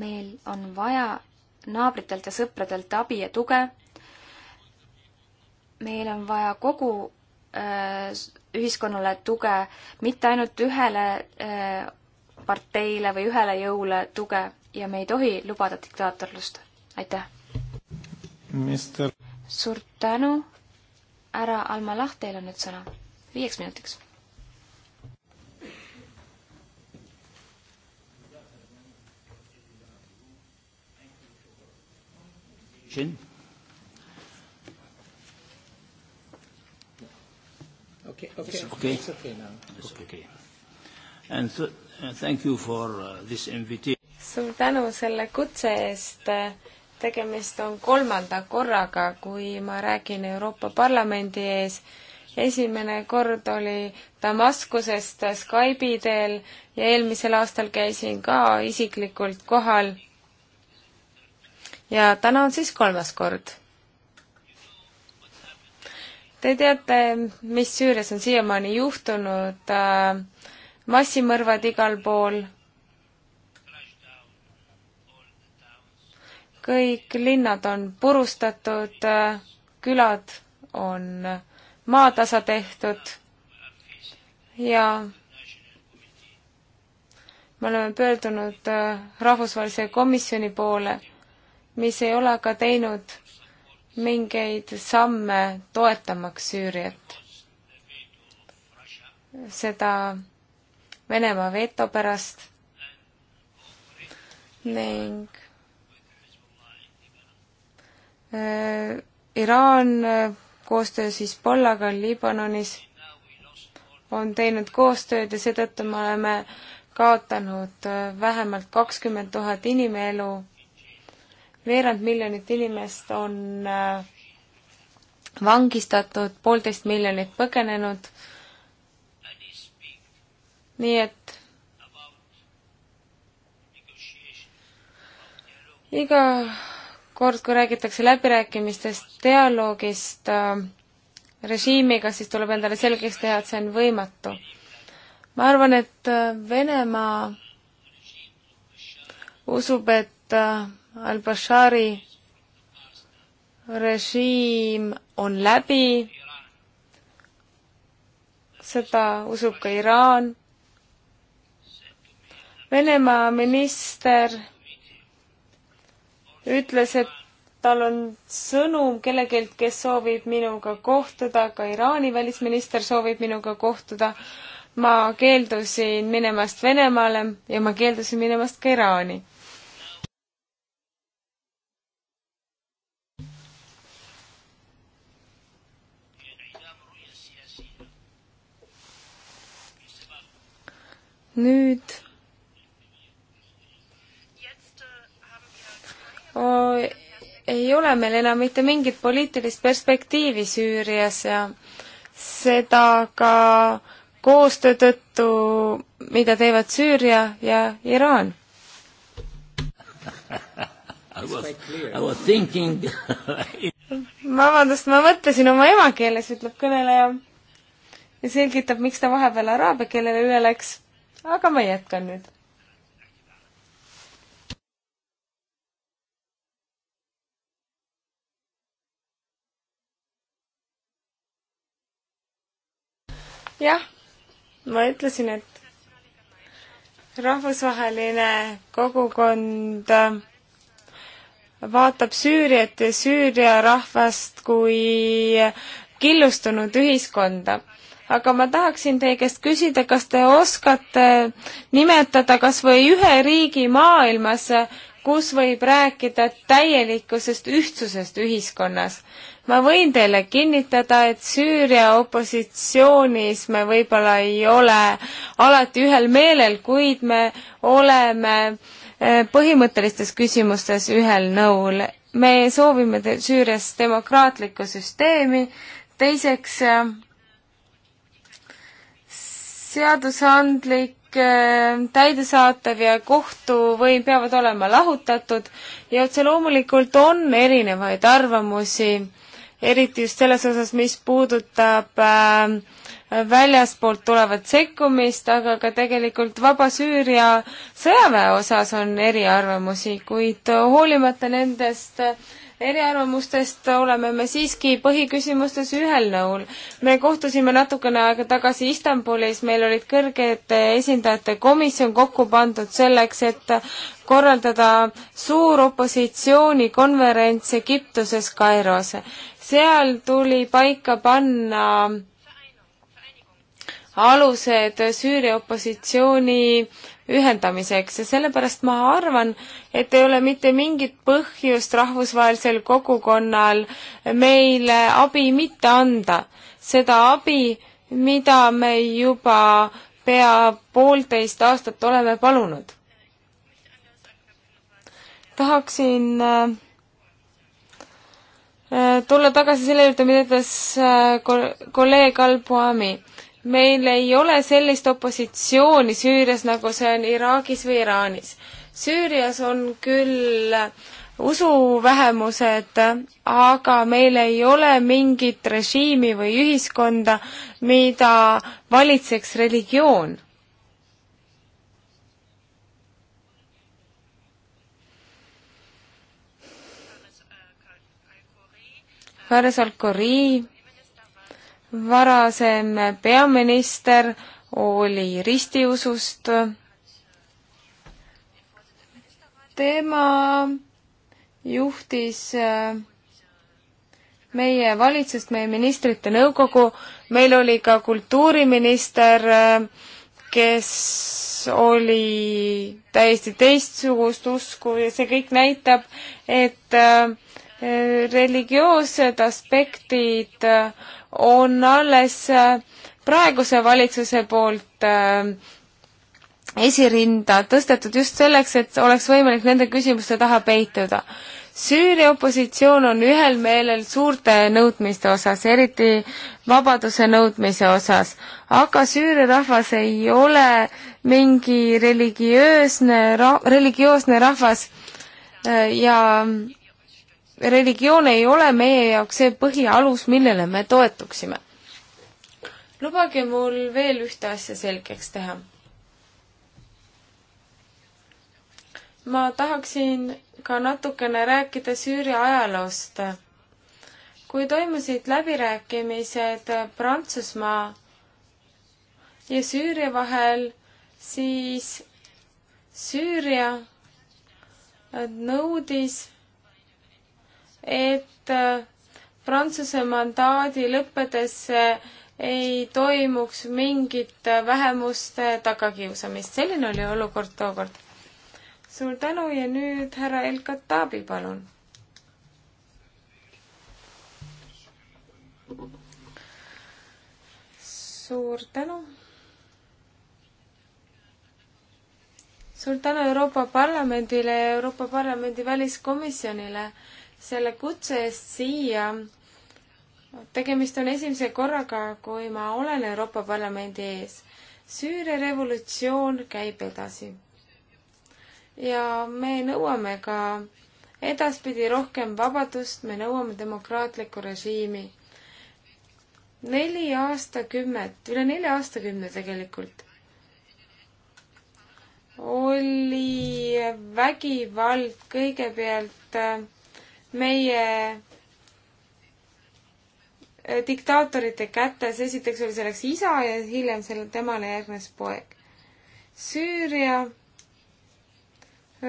meil on vaja naabritelt ja sõpradelt abi ja tuge. meil on vaja kogu öö, äh, ühiskonnale tuge, mitte ainult ühele öö, äh, parteile või ühele jõule tuge ja me ei tohi lubada diktaatorlust. aitäh! suur tänu! härra Almalah, teil on nüüd sõna viieks minutiks Jin? Okay, okay. It's okay. It's okay now. It's okay. okay. And th uh, thank you for uh, this invitation. suur tänu selle kutse eest tegemist on kolmanda korraga, kui ma räägin Euroopa Parlamendi ees. esimene kord oli Damaskusest Skype'i teel ja eelmisel aastal käisin ka isiklikult kohal. ja täna on siis kolmas kord. Te teate, mis Süürias on siiamaani juhtunud, äh, massimõrvad igal pool kõik linnad on purustatud, külad on maatasa tehtud ja me oleme pöördunud äh, rahvusvahelise komisjoni poole, mis ei ole aga teinud mingeid samme toetamaks Süüriat. seda Venemaa veto pärast ning Äh, Iraan äh, koostöös Hezbollaga Liibanonis on teinud koostööd ja seetõttu me oleme kaotanud äh, vähemalt kakskümmend tuhat inimelu. veerand miljonit inimest on vangistatud, poolteist miljonit põgenenud. nii et iga kord, kui räägitakse läbirääkimistest, dialoogist äh, režiimiga, siis tuleb endale selgeks teha, et see on võimatu. ma arvan, et äh, Venemaa usub, et äh, al-Bashari režiim on läbi, seda usub ka Iraan. Venemaa minister ütles, et tal on sõnum kellelgi, kes soovib minuga kohtuda, ka Iraani välisminister soovib minuga kohtuda. ma keeldusin minemast Venemaale ja ma keeldusin minemast ka Iraani. nüüd ei ole meil enam mitte mingit poliitilist perspektiivi Süürias ja seda ka koostöö tõttu, mida teevad Süüria ja Iraan. <laughs> <laughs> vabandust, ma mõtlesin oma emakeeles, ütleb kõneleja ja selgitab, miks ta vahepeal araabia keelele üle läks. aga ma jätkan nüüd jah, ma ütlesin, et rahvusvaheline kogukond äh, vaatab Süüriat ja Süüria rahvast kui killustunud ühiskonda aga ma tahaksin teie käest küsida, kas te oskate nimetada kas või ühe riigi maailmas, kus võib rääkida täielikkusest ühtsusest ühiskonnas. ma võin teile kinnitada, et Süüria opositsioonis me võib-olla ei ole alati ühel meelel, kuid me oleme eh, põhimõttelistes küsimustes ühel nõul. me soovime Süürias demokraatlikku süsteemi, teiseks eh, seadusandlik Äh, täidesaatev ja kohtuvõim peavad olema lahutatud ja otse loomulikult on erinevaid arvamusi, eriti just selles osas, mis puudutab äh, väljaspoolt tulevat sekkumist, aga ka tegelikult Vaba Süüria sõjaväe osas on eriarvamusi, kuid hoolimata nendest äh, eriarvamustest oleme me siiski põhiküsimustes ühel nõul. me kohtusime natukene aega tagasi Istanbulis, meil olid kõrgete esindajate komisjon kokku pandud selleks, et korraldada suur opositsioonikonverents Egiptuses Kairos. seal tuli paika panna alused Süüria opositsiooni ühendamiseks ja sellepärast ma arvan, et ei ole mitte mingit põhjust rahvusvahelisel kogukonnal meile abi mitte anda. seda abi, mida me juba pea poolteist aastat oleme palunud. tahaksin äh, tulla tagasi selle juurde, mida ütles äh, kolleeg Al-Puami meil ei ole sellist opositsiooni Süürias, nagu see on Iraagis või Iraanis. Süürias on küll usuvähemused, aga meil ei ole mingit režiimi või ühiskonda, mida valitseks religioon. Fares al-Quri varasem peaminister oli ristiusust. tema juhtis äh, meie valitsust, meie ministrite nõukogu, meil oli ka kultuuriminister, äh, kes oli täiesti teistsugust usku ja see kõik näitab, et äh, religioossed aspektid äh, on alles äh, praeguse valitsuse poolt äh, esirinda tõstetud just selleks, et oleks võimalik nende küsimuste taha peituda. Süüria opositsioon on ühel meelel suurte nõudmiste osas, eriti vabaduse nõudmise osas, aga Süüria rahvas ei ole mingi religioosne, religioosne rahvas äh, ja religioon ei ole meie jaoks see põhialus, millele me toetuksime. lubage mul veel ühte asja selgeks teha. ma tahaksin ka natukene rääkida Süüria ajaloost. kui toimusid läbirääkimised Prantsusmaa ja Süüria vahel, siis Süüria nõudis et äh, Prantsuse mandaadi lõppedes äh, ei toimuks mingit äh, vähemuste tagakiusamist. selline oli olukord tookord. suur tänu ja nüüd härra El Katabi, palun. suur tänu. suur tänu Euroopa Parlamendile ja Euroopa Parlamendi väliskomisjonile selle kutse eest siia. tegemist on esimese korraga, kui ma olen Euroopa Parlamendi ees. Süüria revolutsioon käib edasi. ja me nõuame ka edaspidi rohkem vabadust, me nõuame demokraatlikku režiimi. neli aastakümmet, üle nelja aastakümne tegelikult oli vägivald kõigepealt äh, meie äh, diktaatorite kätes, esiteks oli selleks isa ja hiljem selle, temale järgnes poeg. Süüria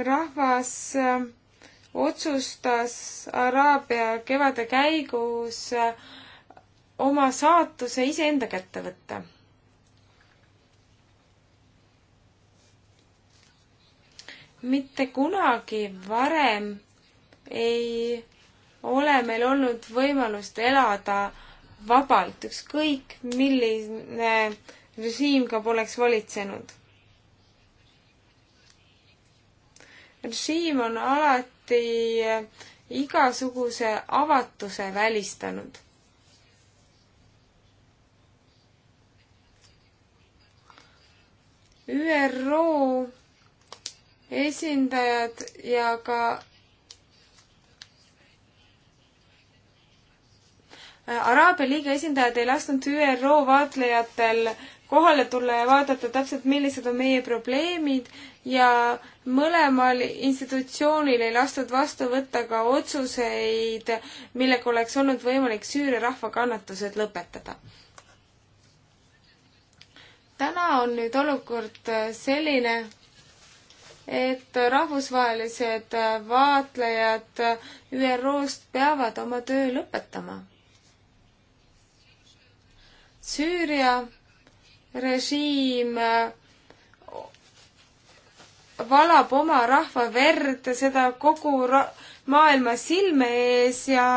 rahvas äh, otsustas Araabia kevade käigus äh, oma saatuse iseenda kätte võtta. mitte kunagi varem ei ole meil olnud võimalust elada vabalt, ükskõik milline režiim ka poleks valitsenud. režiim on alati igasuguse avatuse välistanud. ÜRO esindajad ja ka Äh, Araabia liiga esindajad ei lasknud ÜRO vaatlejatel kohale tulla ja vaadata täpselt, millised on meie probleemid ja mõlemal institutsioonil ei lastud vastu võtta ka otsuseid, millega oleks olnud võimalik Süüria rahva kannatused lõpetada. täna on nüüd olukord äh, selline, et rahvusvahelised äh, vaatlejad ÜRO-st peavad oma töö lõpetama Süüria režiim valab oma rahva verd, seda kogu ra-, maailma silme ees ja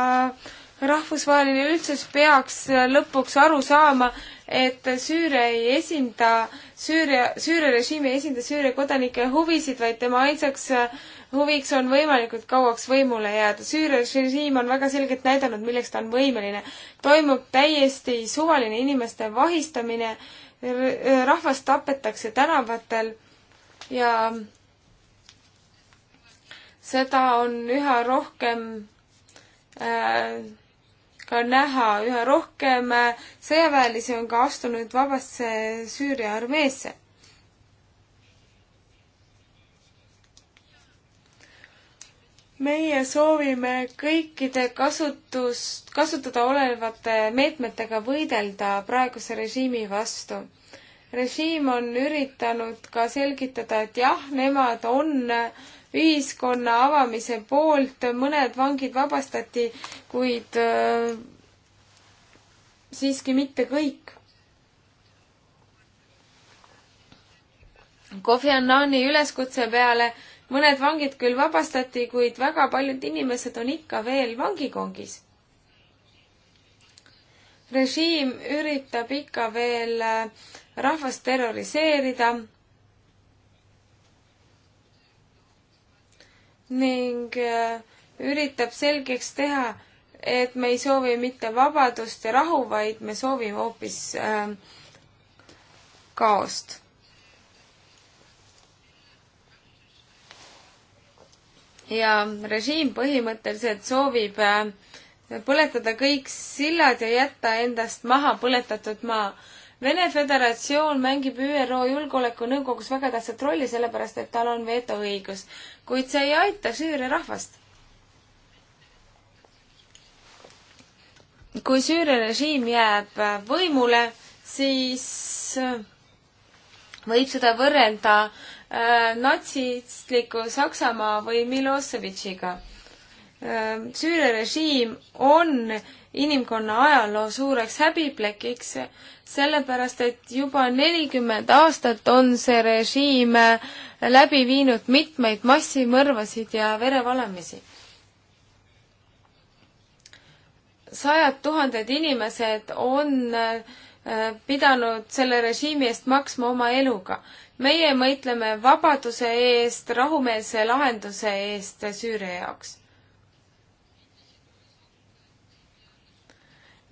rahvusvaheline üldsus peaks lõpuks aru saama, et Süüria ei esinda, Süüria, Süüria režiim ei esinda Süüria kodanike huvisid, vaid tema ainsaks huviks on võimalikult kauaks võimule jääda. Süüria režiim on väga selgelt näidanud, milleks ta on võimeline. toimub täiesti suvaline inimeste vahistamine, äh, rahvast tapetakse tänavatel ja seda on üha rohkem äh, ka näha, üha rohkem äh, sõjaväelisi on ka astunud vabasse Süüria armeesse meie soovime kõikide kasutust, kasutada olevate meetmetega võidelda praeguse režiimi vastu. režiim on üritanud ka selgitada, et jah, nemad on ühiskonna avamise poolt, mõned vangid vabastati, kuid äh, siiski mitte kõik. Kofi Annani üleskutse peale äh, mõned vangid küll vabastati, kuid väga paljud inimesed on ikka veel vangikongis. režiim üritab ikka veel äh, rahvast terroriseerida ning äh, üritab selgeks teha, et me ei soovi mitte vabadust ja rahu, vaid me soovime hoopis äh, kaost ja režiim põhimõtteliselt soovib äh, põletada kõik sillad ja jätta endast maha põletatud maa. Vene Föderatsioon mängib ÜRO Julgeolekunõukogus väga tähtsat rolli, sellepärast et tal on vetoõigus, kuid see ei aita Süüria rahvast. kui Süüria režiim jääb äh, võimule, siis äh, võib seda võrrelda äh, Äh, natsistliku Saksamaa või Milosevitšiga. Äh, Süüria režiim on inimkonna ajaloo suureks häbiplekiks, sellepärast et juba nelikümmend aastat on see režiim äh, läbi viinud mitmeid massimõrvasid ja verevalamisi. sajad tuhanded inimesed on pidanud selle režiimi eest maksma oma eluga meie mõtleme vabaduse eest, rahumeelse lahenduse eest Süüria jaoks.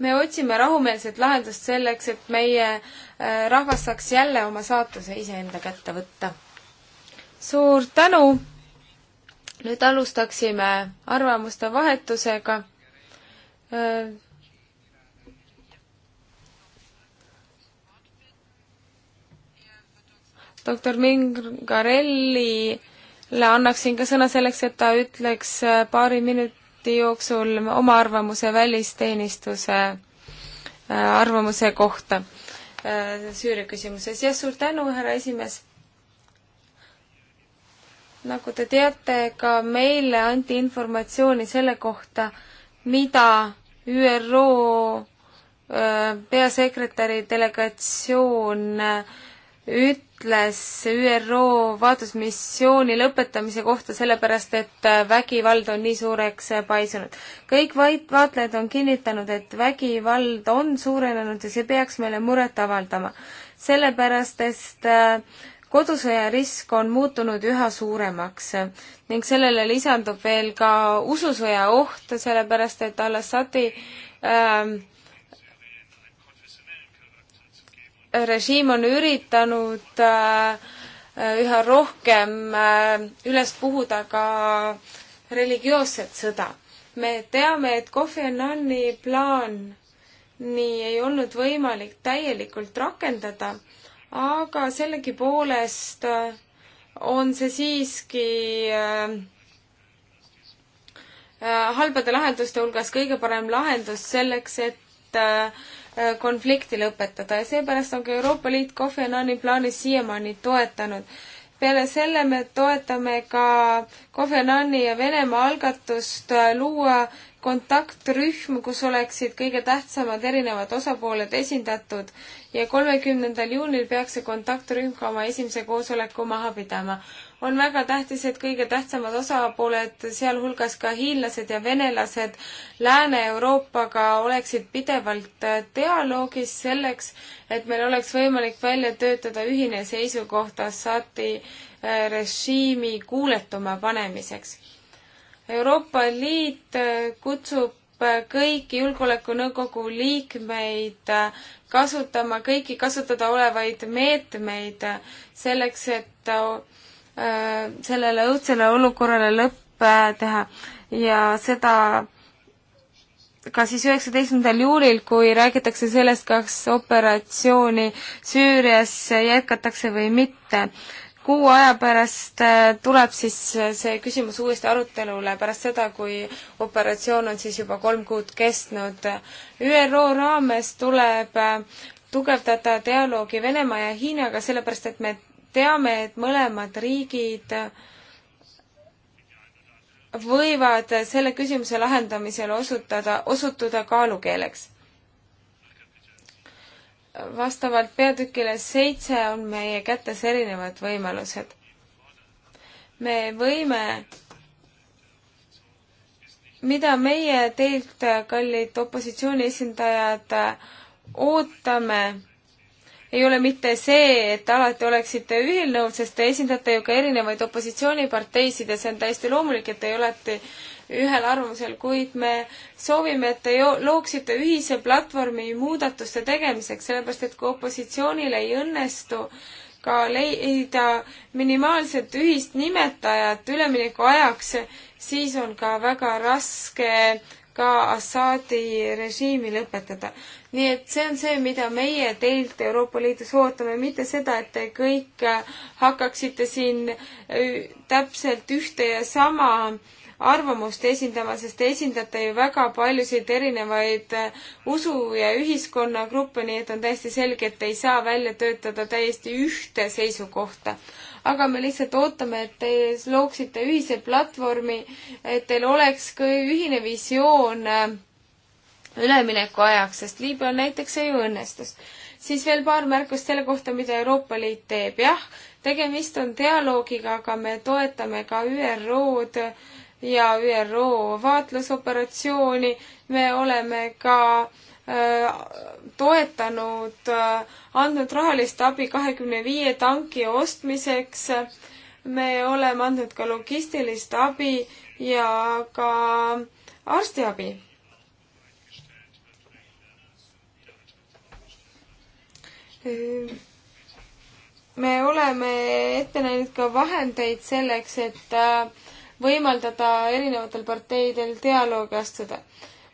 me otsime rahumeelset lahendust selleks, et meie äh, rahvas saaks jälle oma saatuse iseenda kätte võtta. suur tänu! nüüd alustaksime arvamuste vahetusega äh, doktor Mingarellile annaksin ka sõna selleks, et ta ütleks äh, paari minuti jooksul oma arvamuse välisteenistuse äh, arvamuse kohta äh, Süüria küsimuses. jah, suur tänu, härra esimees! nagu te teate, ka meile anti informatsiooni selle kohta, mida ÜRO peasekretäri delegatsioon äh, ütles ÜRO vaatlusmissiooni lõpetamise kohta, sellepärast et vägivald on nii suureks paisunud. kõik vaid vaatlejad on kinnitanud, et vägivald on suurenenud ja see peaks meile muret avaldama. sellepärast, et äh, kodusõja risk on muutunud üha suuremaks ning sellele lisandub veel ka ususõja oht, sellepärast et Al-Assadi äh, režiim on üritanud äh, üha rohkem äh, üles puhuda ka religioosset sõda. me teame, et Kofi Annani plaan nii ei olnud võimalik täielikult rakendada, aga sellegipoolest äh, on see siiski halbade lahenduste hulgas kõige parem lahendus selleks, et Äh, konflikti lõpetada ja seepärast on ka Euroopa Liit Kofi Annani plaani siiamaani toetanud. peale selle me toetame ka Kofi Annani ja Venemaa algatust äh, luua kontaktrühm, kus oleksid kõige tähtsamad erinevad osapooled esindatud ja kolmekümnendal juunil peaks see kontaktrühm ka oma esimese koosoleku maha pidama on väga tähtis, et kõige tähtsamad osapooled, sealhulgas ka hiinlased ja venelased Lääne-Euroopaga oleksid pidevalt dialoogis selleks, et meil oleks võimalik välja töötada ühine seisukoht Assadi äh, režiimi kuuletuma panemiseks. Euroopa Liit äh, kutsub äh, kõiki Julgeolekunõukogu liikmeid kasutama kõiki kasutada olevaid meetmeid selleks, et Äh, sellele õudsele olukorrale lõpp äh, teha ja seda ka siis üheksateistkümnendal juulil, kui räägitakse sellest, kas operatsiooni Süürias jätkatakse või mitte. kuu aja pärast äh, tuleb siis see küsimus uuesti arutelule, pärast seda, kui operatsioon on siis juba kolm kuud kestnud. ÜRO raames tuleb tugevdada dialoogi Venemaa ja Hiinaga, sellepärast et me teame, et mõlemad riigid võivad selle küsimuse lahendamisel osutada, osutuda kaalukeeleks. vastavalt peatükile seitse on meie kätes erinevad võimalused. me võime mida meie teilt, kallid opositsiooni esindajad, ootame ei ole mitte see, et alati oleksite ühel nõul, sest te esindate ju ka erinevaid opositsiooniparteisid ja see on täiesti loomulik, et ei ole alati ühel arvamusel, kuid me soovime, et te looksite ühise platvormi muudatuste tegemiseks, sellepärast et kui opositsioonil ei õnnestu ka leida minimaalset ühist nimetajat ülemineku ajaks, siis on ka väga raske ka Assaadi režiimi lõpetada nii et see on see, mida meie teilt Euroopa Liidus ootame, mitte seda, et te kõik äh, hakkaksite siin äh, täpselt ühte ja sama arvamust esindama, sest te esindate ju väga paljusid erinevaid äh, usu- ja ühiskonnagruppe, nii et on täiesti selge, et ei saa välja töötada täiesti ühte seisukohta. aga me lihtsalt ootame, et te looksite ühise platvormi, et teil oleks ka ühine visioon äh, üleminekuajaks, sest Liibüal näiteks see ju õnnestus. siis veel paar märkust selle kohta, mida Euroopa Liit teeb. jah, tegemist on dialoogiga, aga me toetame ka ÜRO-d ja ÜRO vaatlusoperatsiooni. me oleme ka äh, toetanud, äh, andnud rahalist abi kahekümne viie tanki ostmiseks. me oleme andnud ka logistilist abi ja ka arstiabi. me oleme ette näinud ka vahendeid selleks, et äh, võimaldada erinevatel parteidel dialoogi astuda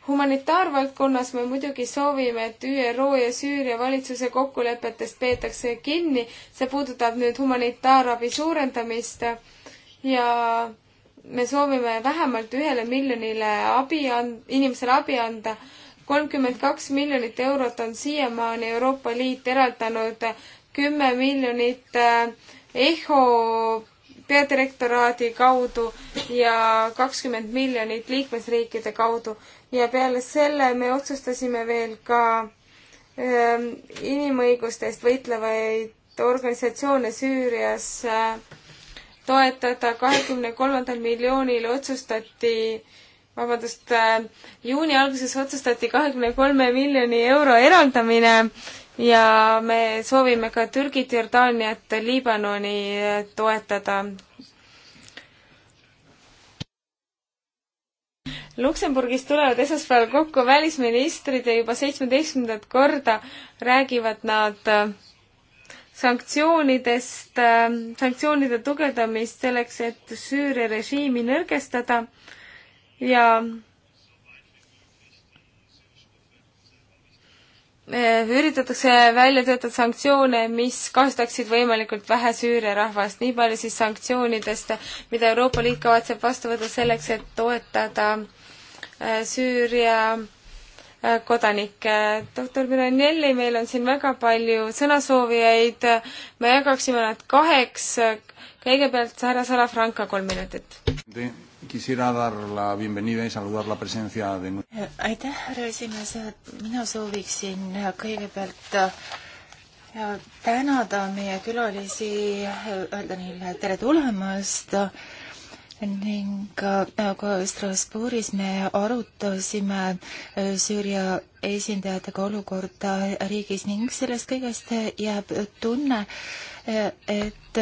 humanitaarvaldkonnas me muidugi soovime, et ÜRO ja Süüria valitsuse kokkulepetest peetakse kinni. see puudutab nüüd humanitaarabi suurendamist ja me soovime vähemalt ühele miljonile abi and-, inimesele abi anda, kolmkümmend kaks miljonit eurot on siiamaani Euroopa Liit eraldanud kümme miljonit äh, EHO peadirektoraadi kaudu ja kakskümmend miljonit liikmesriikide kaudu. ja peale selle me otsustasime veel ka ähm, inimõiguste eest võitlevaid organisatsioone Süürias äh, toetada. kahekümne kolmandal miljoonil otsustati äh, vabandust, äh, juuni alguses otsustati kahekümne kolme miljoni euro eraldamine ja me soovime ka Türgit, Jordaaniat, Liibanoni äh, toetada. Luksemburgis tulevad esmaspäeval kokku välisministrid ja juba seitsmeteistkümnendat korda räägivad nad äh, sanktsioonidest, sanktsioonide tugevdamist selleks, et Süüria režiimi nõrgestada ja üritatakse välja töötada sanktsioone, mis kahjustaksid võimalikult vähe Süüria rahvast, nii palju siis sanktsioonidest, mida Euroopa Liit kavatseb vastu võtta selleks, et toetada äh, Süüria äh, kodanikke. doktor Piranelli, meil on siin väga palju sõnasoovijaid, me jagaksime nad kaheks, kõigepealt härra Salafranca, kolm minutit. Quisiera dar la bienvenida y saludar la presencia de... aitäh, härra esimees, mina sooviksin äh, kõigepealt äh, tänada meie külalisi, äh, öelda neile tere tulemast ning ka Strasbourgis me arutasime Süüria esindajatega olukorda riigis ning sellest kõigest jääb tunne, et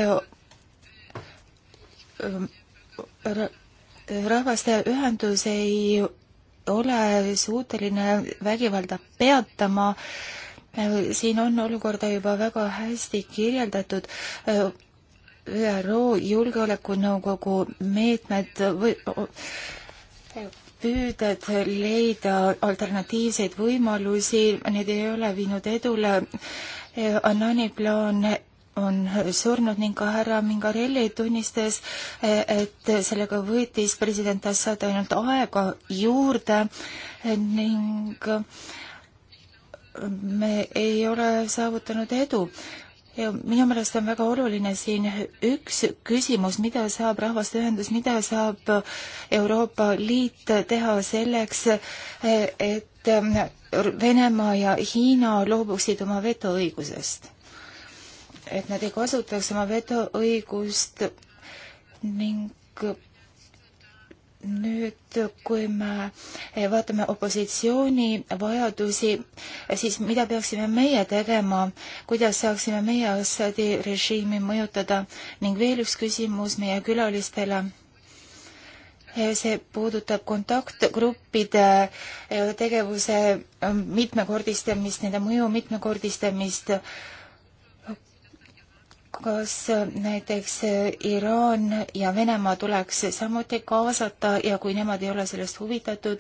rahvaste ühendus ei ole suuteline vägivalda peatama. siin on olukorda juba väga hästi kirjeldatud. ÜRO Julgeolekunõukogu meetmed või püüded leida alternatiivseid võimalusi, need ei ole viinud edule. Anani plaan on surnud ning ka härra Mingarelli tunnistas, et sellega võttis president Assad ainult aega juurde ning me ei ole saavutanud edu. ja minu meelest on väga oluline siin üks küsimus, mida saab Rahvaste Ühendus, mida saab Euroopa Liit teha selleks, et Venemaa ja Hiina loobuksid oma vetoõigusest et nad ei kasutaks oma vetoõigust ning nüüd, kui me vaatame opositsiooni vajadusi, siis mida peaksime meie tegema, kuidas saaksime meie Assadi režiimi mõjutada ning veel üks küsimus meie külalistele. see puudutab kontaktgruppide tegevuse mitmekordistamist, nende mõju mitmekordistamist kas näiteks Iraan ja Venemaa tuleks samuti kaasata ja kui nemad ei ole sellest huvitatud,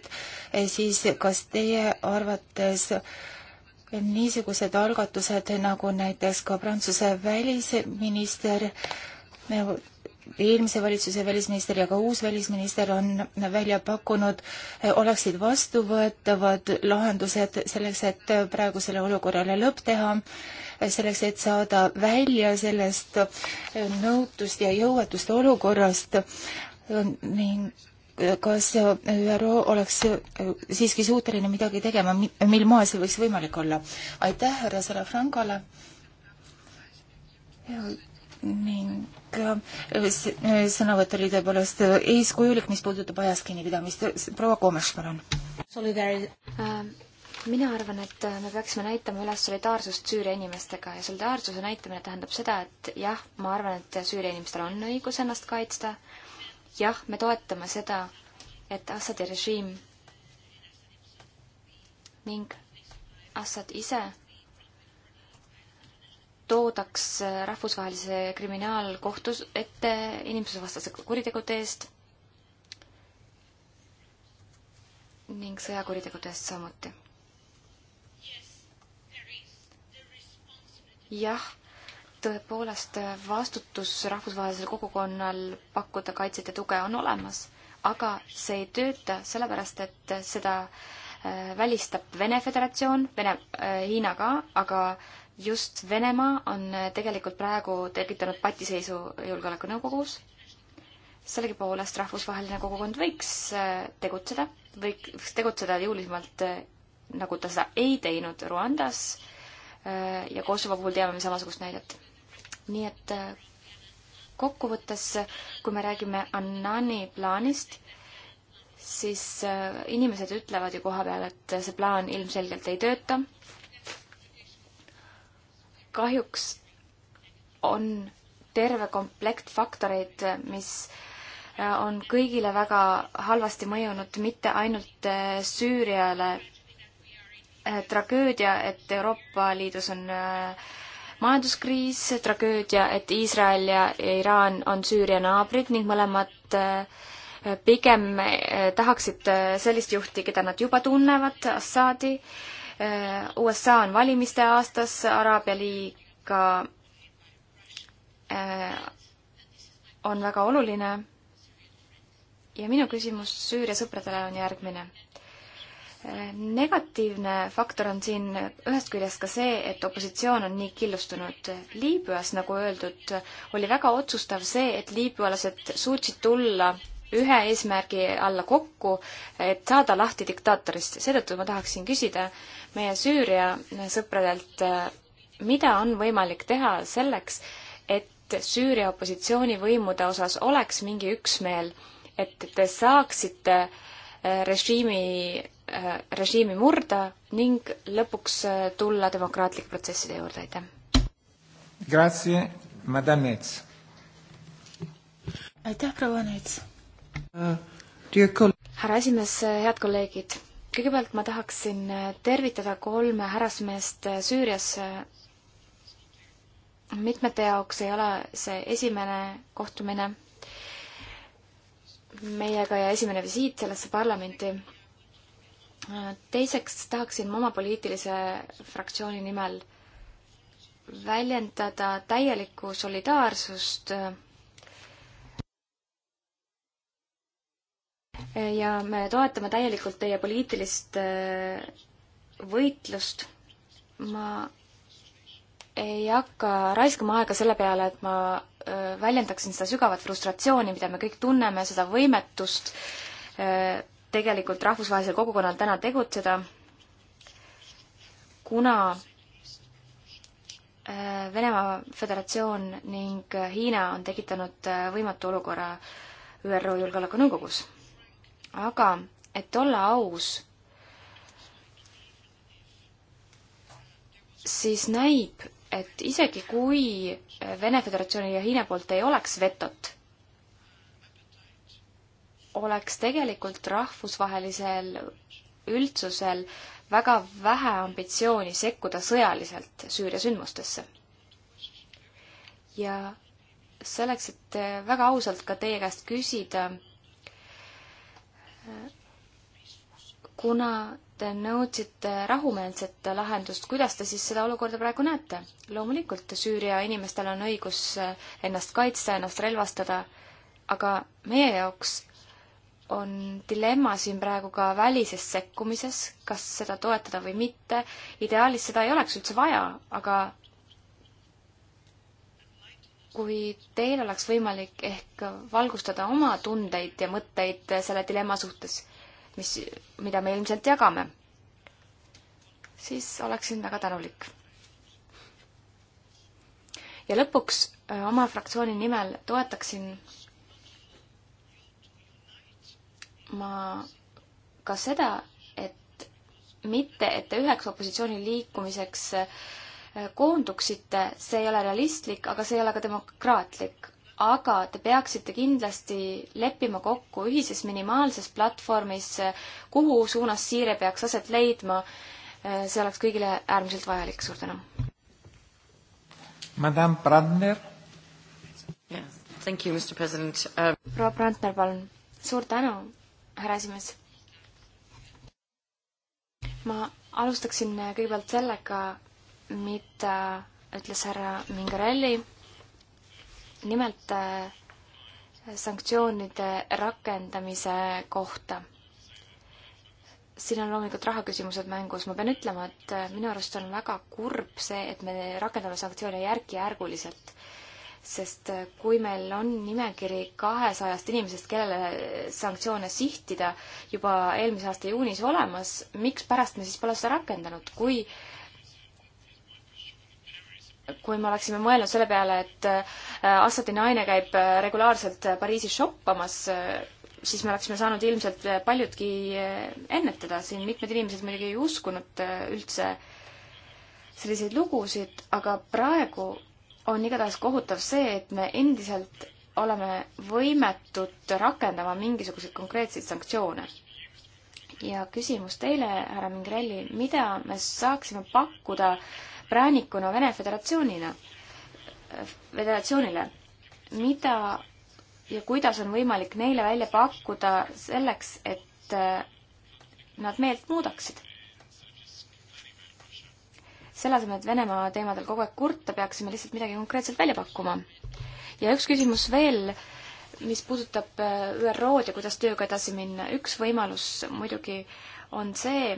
eh, siis kas teie arvates niisugused algatused nagu näiteks ka Prantsuse välisminister, eelmise valitsuse välisminister ja ka uus välisminister on välja pakkunud, eh, oleksid vastuvõetavad lahendused selleks, et praegusele olukorrale lõpp teha selleks, et saada välja sellest nõutust ja jõuetuste olukorrast ning kas ÜRO oleks siiski suuteline midagi tegema, mil moel see võiks võimalik olla? aitäh härra Salafrancole ning äh, äh, sõnavõtt oli tõepoolest eeskujulik, mis puudutab ajas kinnipidamist. proua Komes, palun. Äh, mina arvan, et me peaksime näitama üles solidaarsust Süüria inimestega ja solidaarsuse näitamine tähendab seda, et jah, ma arvan, et Süüria inimestel on õigus ennast kaitsta. jah, me toetame seda, et Assadi režiim ning Assad ise toodaks rahvusvahelise kriminaalkohtu ette inimsusevastase kuritegude eest ning sõjakuritegude eest samuti jah, tõepoolest vastutus rahvusvahelisel kogukonnal pakkuda kaitset ja tuge on olemas, aga see ei tööta sellepärast, et seda äh, välistab Vene Föderatsioon, Vene äh,, Hiina ka, aga just Venemaa on äh, tegelikult praegu tekitanud patiseisu Julgeolekunõukogus. sellegipoolest rahvusvaheline kogukond võiks äh, tegutseda, võiks tegutseda jõulisemalt, nagu ta seda ei teinud Ruandas äh, Äh, ja Kosovo puhul teame me samasugust näidet. nii et äh, kokkuvõttes, kui me räägime Annani plaanist, siis äh, inimesed ütlevad ju koha peal, et see plaan ilmselgelt ei tööta. kahjuks on terve komplekt faktoreid, mis on kõigile väga halvasti mõjunud, mitte ainult Süüriale Eh, tragöödia, et Euroopa Liidus on eh, majanduskriis, tragöödia, et Iisrael ja Iraan on Süüria naabrid ning mõlemad eh, pigem tahaksid sellist juhti, keda nad juba tunnevad, Assadi. USA on valimiste aastas, Araabia liiga on väga oluline. ja minu küsimus Süüria sõpradele on järgmine negatiivne faktor on siin ühest küljest ka see, et opositsioon on nii killustunud. Liibüas, nagu öeldud, oli väga otsustav see, et liibüalased suutsid tulla ühe eesmärgi alla kokku, et saada lahti diktaatorist. seetõttu ma tahaksin küsida meie Süüria sõpradelt, mida on võimalik teha selleks, et Süüria opositsioonivõimude osas oleks mingi üksmeel, et te saaksite režiimi Äh, režiimi murda ning lõpuks äh, tulla demokraatlike protsesside juurde, aitäh! Grazie, madame Nets. aitäh, proua Nets uh,! Äh, härra esimees, head kolleegid! kõigepealt ma tahaksin tervitada kolme härrasmeest Süürias. mitmete jaoks ei ole see esimene kohtumine meiega ja esimene visiit sellesse parlamenti teiseks tahaksin ma oma poliitilise fraktsiooni nimel väljendada täielikku solidaarsust ja me toetame täielikult teie poliitilist äh, võitlust. ma ei hakka raiskama aega selle peale, et ma äh, väljendaksin seda sügavat frustratsiooni, mida me kõik tunneme, seda võimetust äh, tegelikult rahvusvahelisel kogukonnal täna tegutseda, kuna äh, Venemaa Föderatsioon ning Hiina on tekitanud äh, võimatu olukorra ÜRO Julgeolekunõukogus. aga et olla aus, siis näib, et isegi kui Vene Föderatsiooni ja Hiina poolt ei oleks vetot, oleks tegelikult rahvusvahelisel üldsusel väga vähe ambitsiooni sekkuda sõjaliselt Süüria sündmustesse. ja selleks, et väga ausalt ka teie käest küsida, kuna te nõudsite rahumeelset lahendust, kuidas te siis seda olukorda praegu näete? loomulikult Süüria inimestel on õigus ennast kaitsta, ennast relvastada, aga meie jaoks on dilemma siin praegu ka välises sekkumises, kas seda toetada või mitte. ideaalis seda ei oleks üldse vaja, aga kui teil oleks võimalik ehk valgustada oma tundeid ja mõtteid selle dilemma suhtes, mis, mida me ilmselt jagame, siis oleksin väga tänulik. ja lõpuks äh, oma fraktsiooni nimel toetaksin ma ka seda, et mitte, et te üheks opositsiooniliikumiseks äh, koonduksite, see ei ole realistlik, aga see ei ole ka demokraatlik. aga te peaksite kindlasti leppima kokku ühises minimaalses platvormis, äh, kuhu suunas siire peaks aset leidma. Äh, see oleks kõigile äärmiselt vajalik, suur tänu. Madame Brandner. jah, thank you, Mr President uh.... proua Brandner, palun. suur tänu härra esimees. ma alustaksin kõigepealt sellega, mida ütles härra Mingarelli. nimelt äh, sanktsioonide rakendamise kohta siin on loomulikult rahaküsimused mängus, ma pean ütlema, et äh, minu arust on väga kurb see, et me rakendame sanktsioone järk-järguliselt sest äh, kui meil on nimekiri kahesajast inimesest, kellele sanktsioone sihtida juba eelmise aasta juunis olemas, mikspärast me siis pole seda rakendanud, kui kui me oleksime mõelnud selle peale, et äh, Assadi naine käib äh, regulaarselt Pariisis shoppamas, siis me oleksime saanud ilmselt paljudki ennetada, siin mitmed inimesed muidugi ei uskunud üldse selliseid lugusid, aga praegu on igatahes kohutav see, et me endiselt oleme võimetud rakendama mingisuguseid konkreetseid sanktsioone. ja küsimus teile, härra Mingrelli, mida me saaksime pakkuda präänikuna Vene Föderatsioonina, Föderatsioonile, mida ja kuidas on võimalik neile välja pakkuda selleks, et nad meelt muudaksid? selle asemel, et Venemaa teemadel kogu aeg kurta, peaksime lihtsalt midagi konkreetselt välja pakkuma. ja üks küsimus veel, mis puudutab äh, ÜRO-d ja kuidas tööga edasi minna. üks võimalus muidugi on see,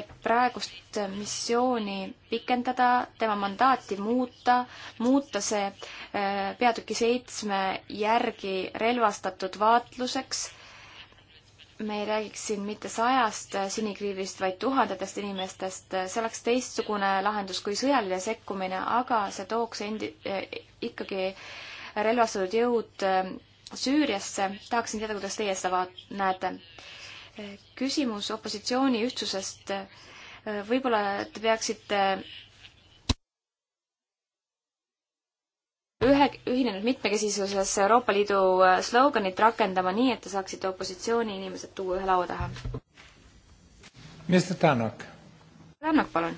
et praegust missiooni pikendada, tema mandaati muuta, muuta see äh, peatüki seitsme järgi relvastatud vaatluseks me ei räägiks siin mitte sajast sinikriivist, vaid tuhandetest inimestest, see oleks teistsugune lahendus kui sõjaline sekkumine, aga see tooks endi-, eh, ikkagi relvastatud jõud eh, Süüriasse, tahaksin teada, kuidas teie seda vaat-, näete. Eh, küsimus opositsiooni ühtsusest, võib-olla te peaksite ühe, ühinenud mitmekesisuses Euroopa Liidu äh, sloganit rakendama nii, et te saaksite opositsiooni inimesed tuua ühe laua taha? Mr Tanok. Tanok, palun.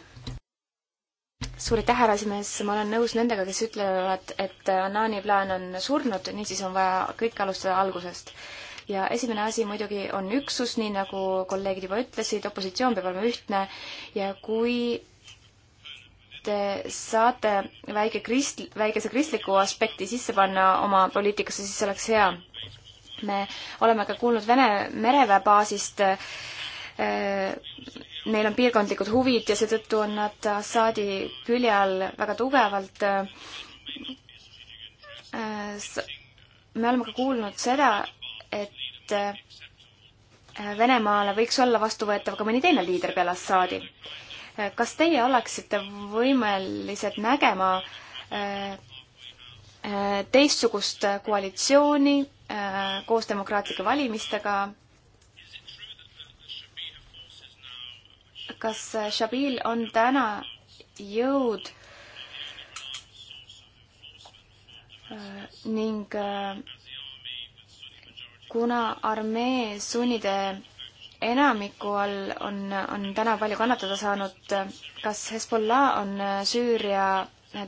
suur aitäh, härra esimees, ma olen nõus nendega, kes ütlevad, et äh, Anani plaan on surnud, niisiis on vaja kõike alustada algusest ja esimene asi muidugi on üksus, nii nagu kolleegid juba ütlesid, opositsioon peab olema ühtne ja kui te saate väike krist-, väikese kristliku aspekti sisse panna oma poliitikasse, siis see oleks hea. me oleme ka kuulnud Vene mereväebaasist, neil äh, on piirkondlikud huvid ja seetõttu on nad Assaadi külje all väga tugevalt. Äh, me oleme ka kuulnud seda, et äh, Venemaale võiks olla vastuvõetav ka mõni teine liider peale Assaadi kas teie oleksite võimelised nägema äh, äh, teistsugust koalitsiooni äh, koos demokraatlike valimistega kas Shabil on täna jõud ning kuna armee sunnide enamiku all on, on täna palju kannatada saanud. kas Hezbollah on Süüria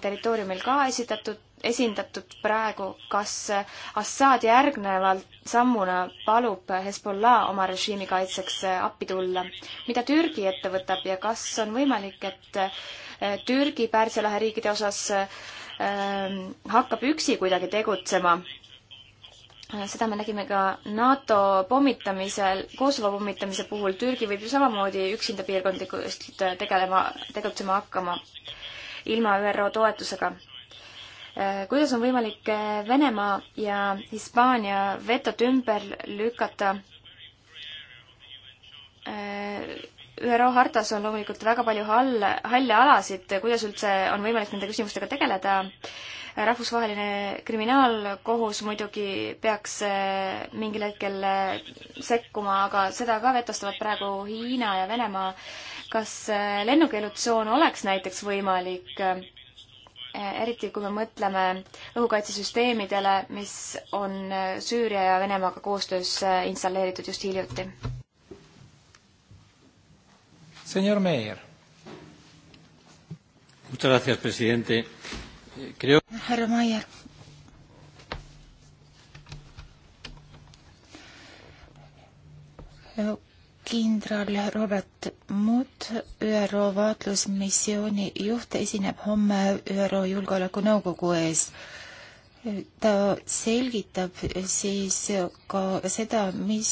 territooriumil ka esitatud, esindatud praegu, kas Assad järgnevalt sammuna palub Hezbollah oma režiimi kaitseks appi tulla? mida Türgi ette võtab ja kas on võimalik, et Türgi Pärsia lahe riikide osas äh, hakkab üksi kuidagi tegutsema Äh, seda me nägime ka NATO pommitamisel, Kosovo pommitamise puhul, Türgi võib ju samamoodi üksinda piirkondlikult tegelema, tegutsema hakkama ilma ÜRO toetusega. Äh, kuidas on võimalik äh, Venemaa ja Hispaania vetot ümber lükata? ÜRO hartas on loomulikult väga palju halle, halle alasid, kuidas üldse on võimalik nende küsimustega tegeleda äh,? rahvusvaheline kriminaalkohus muidugi peaks eh, mingil hetkel eh, sekkuma, aga seda ka vetostavad praegu Hiina ja Venemaa. kas eh, lennukeelutsoon oleks näiteks võimalik, eriti kui me mõtleme õhukaitsesüsteemidele, mis on Süüria ja Venemaaga koostöös installeeritud just hiljuti? Señor Meier. Muchas gracias, presidente härra Maier. kindral Robert Mutt, ÜRO vaatlusmissiooni juht, esineb homme ÜRO Julgeolekunõukogu ees. ta selgitab siis ka seda, mis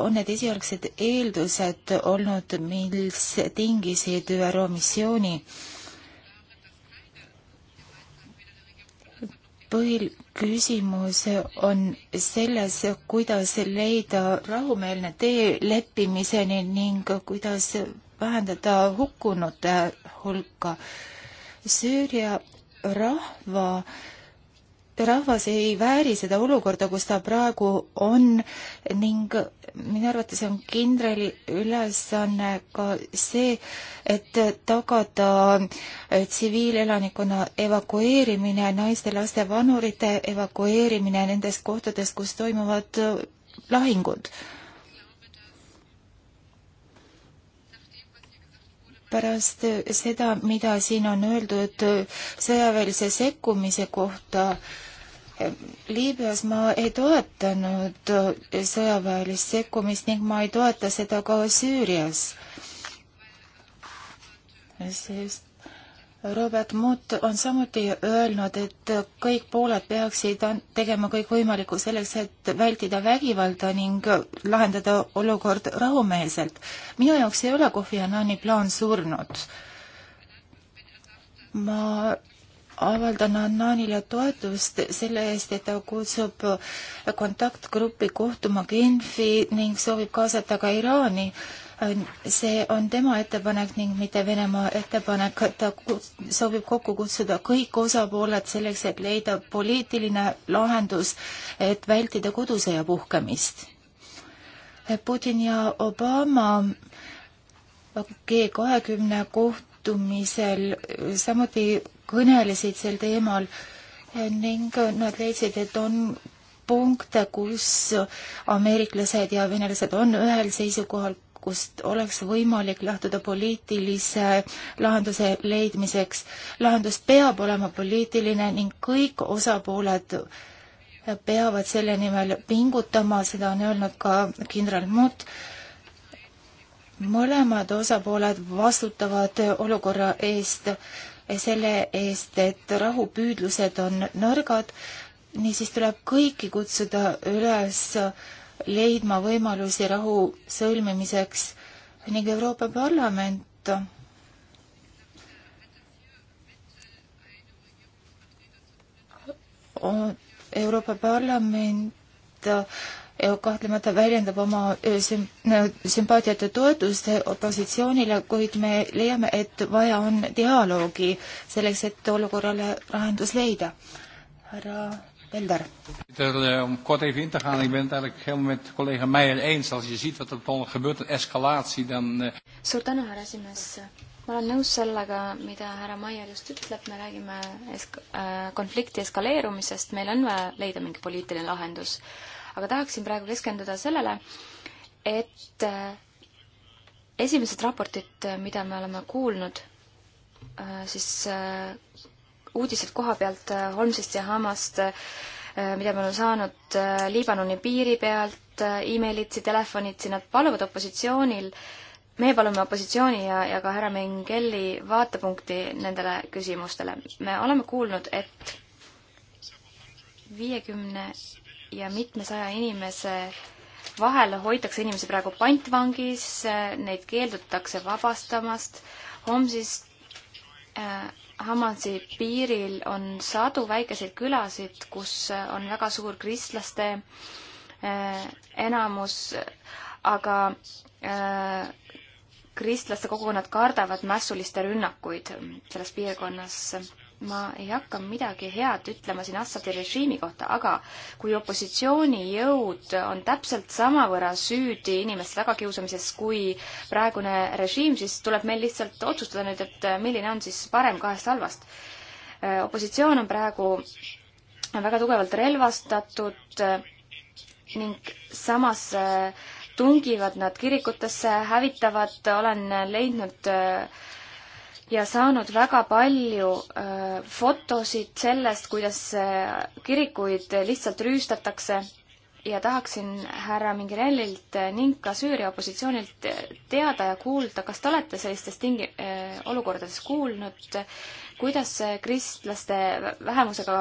on need esialgsed eeldused olnud, mis tingisid ÜRO missiooni põhiküsimus on selles, kuidas leida rahumeelne tee leppimiseni ning kuidas vähendada hukkunute hulka. Süüria rahva äh, rahvas ei vääri seda olukorda, kus ta praegu on ning minu arvates on kindrali ülesanne ka see, et tagada tsiviilelanikkonna evakueerimine, naiste, laste, vanurite evakueerimine nendest kohtadest, kus toimuvad lahingud pärast seda, mida siin on öeldud sõjaväelise sekkumise kohta, Liibüas ma ei toetanud sõjaväelist sekkumist ning ma ei toeta seda ka Süürias. sest Robert Mutt on samuti öelnud, et kõik pooled peaksid tegema kõik võimalikku selleks, et vältida vägivalda ning lahendada olukord rahumeelselt. minu jaoks ei ole Kofi Annani plaan surnud. ma avaldan Annanile toetust selle eest, et ta kutsub kontaktgruppi kohtuma Genfi ning soovib kaasata ka Iraani Äh, see on tema ettepanek ning mitte Venemaa ettepanek. ta soovib kokku kutsuda kõik osapooled selleks, et leida poliitiline lahendus, et vältida kodusõja puhkemist. Putin ja Obama G kahekümne kohtumisel samuti kõnelesid sel teemal ning nad leidsid, et on punkte, kus ameeriklased ja venelased on ühel seisukohal, kust oleks võimalik lähtuda poliitilise lahenduse leidmiseks. lahendus peab olema poliitiline ning kõik osapooled peavad selle nimel pingutama, seda on öelnud ka kindral Mutt. mõlemad osapooled vastutavad olukorra eest, selle eest, et rahupüüdlused on nõrgad, niisiis tuleb kõiki kutsuda üles äh, leidma võimalusi rahu sõlmimiseks ning Euroopa Parlament Euroopa Parlament äh, kahtlemata väljendab oma äh, äh, sümpaatiat ja toetust opositsioonile, kuid me leiame, et vaja on dialoogi selleks, et olukorrale lahendus leida. härra Ender. Eh, om kort even in te gaan, ik ben het eigenlijk helemaal met collega Meijer eens. Als je ziet wat er dan gebeurt, een escalatie, dan... Eh, Suur tänu, härra esimees. ma olen nõus sellega, mida härra Maier just ütleb, me räägime esk-, äh, konflikti eskaleerumisest, meil on vaja leida mingi poliitiline lahendus. aga tahaksin praegu keskenduda sellele, et äh, esimesed raportid, mida me oleme kuulnud, äh, siis uudised koha pealt äh, Holmsist ja Hamast, äh, mida me oleme saanud äh, Liibanoni piiri pealt e, emailitsi, telefonitsi, nad paluvad opositsioonil, meie palume opositsiooni ja, ja ka härra Mengeli vaatepunkti nendele küsimustele. me oleme kuulnud, et viiekümne ja mitmesaja inimese vahel hoitakse inimesi praegu pantvangis, neid keeldutakse vabastamast. Homsist äh, Hamasi piiril on sadu väikeseid külasid, kus on väga suur kristlaste eh, enamus, aga eh, kristlaste kogukonnad kardavad mässuliste rünnakuid selles piirkonnas ma ei hakka midagi head ütlema siin Assadi režiimi kohta, aga kui opositsioonijõud on täpselt samavõrra süüdi inimeste tagakiusamises kui praegune režiim, siis tuleb meil lihtsalt otsustada nüüd, et milline on siis parem kahest halvast. opositsioon on praegu väga tugevalt relvastatud ning samas äh, tungivad nad kirikutesse, hävitavad, olen leidnud äh, ja saanud väga palju äh, fotosid sellest, kuidas äh, kirikuid lihtsalt rüüstatakse ja tahaksin härra Minginellilt äh, ning ka Süüria opositsioonilt äh, teada ja kuulda, kas te olete sellistes tingi-, äh, olukordades kuulnud, kuidas kristlaste vähemusega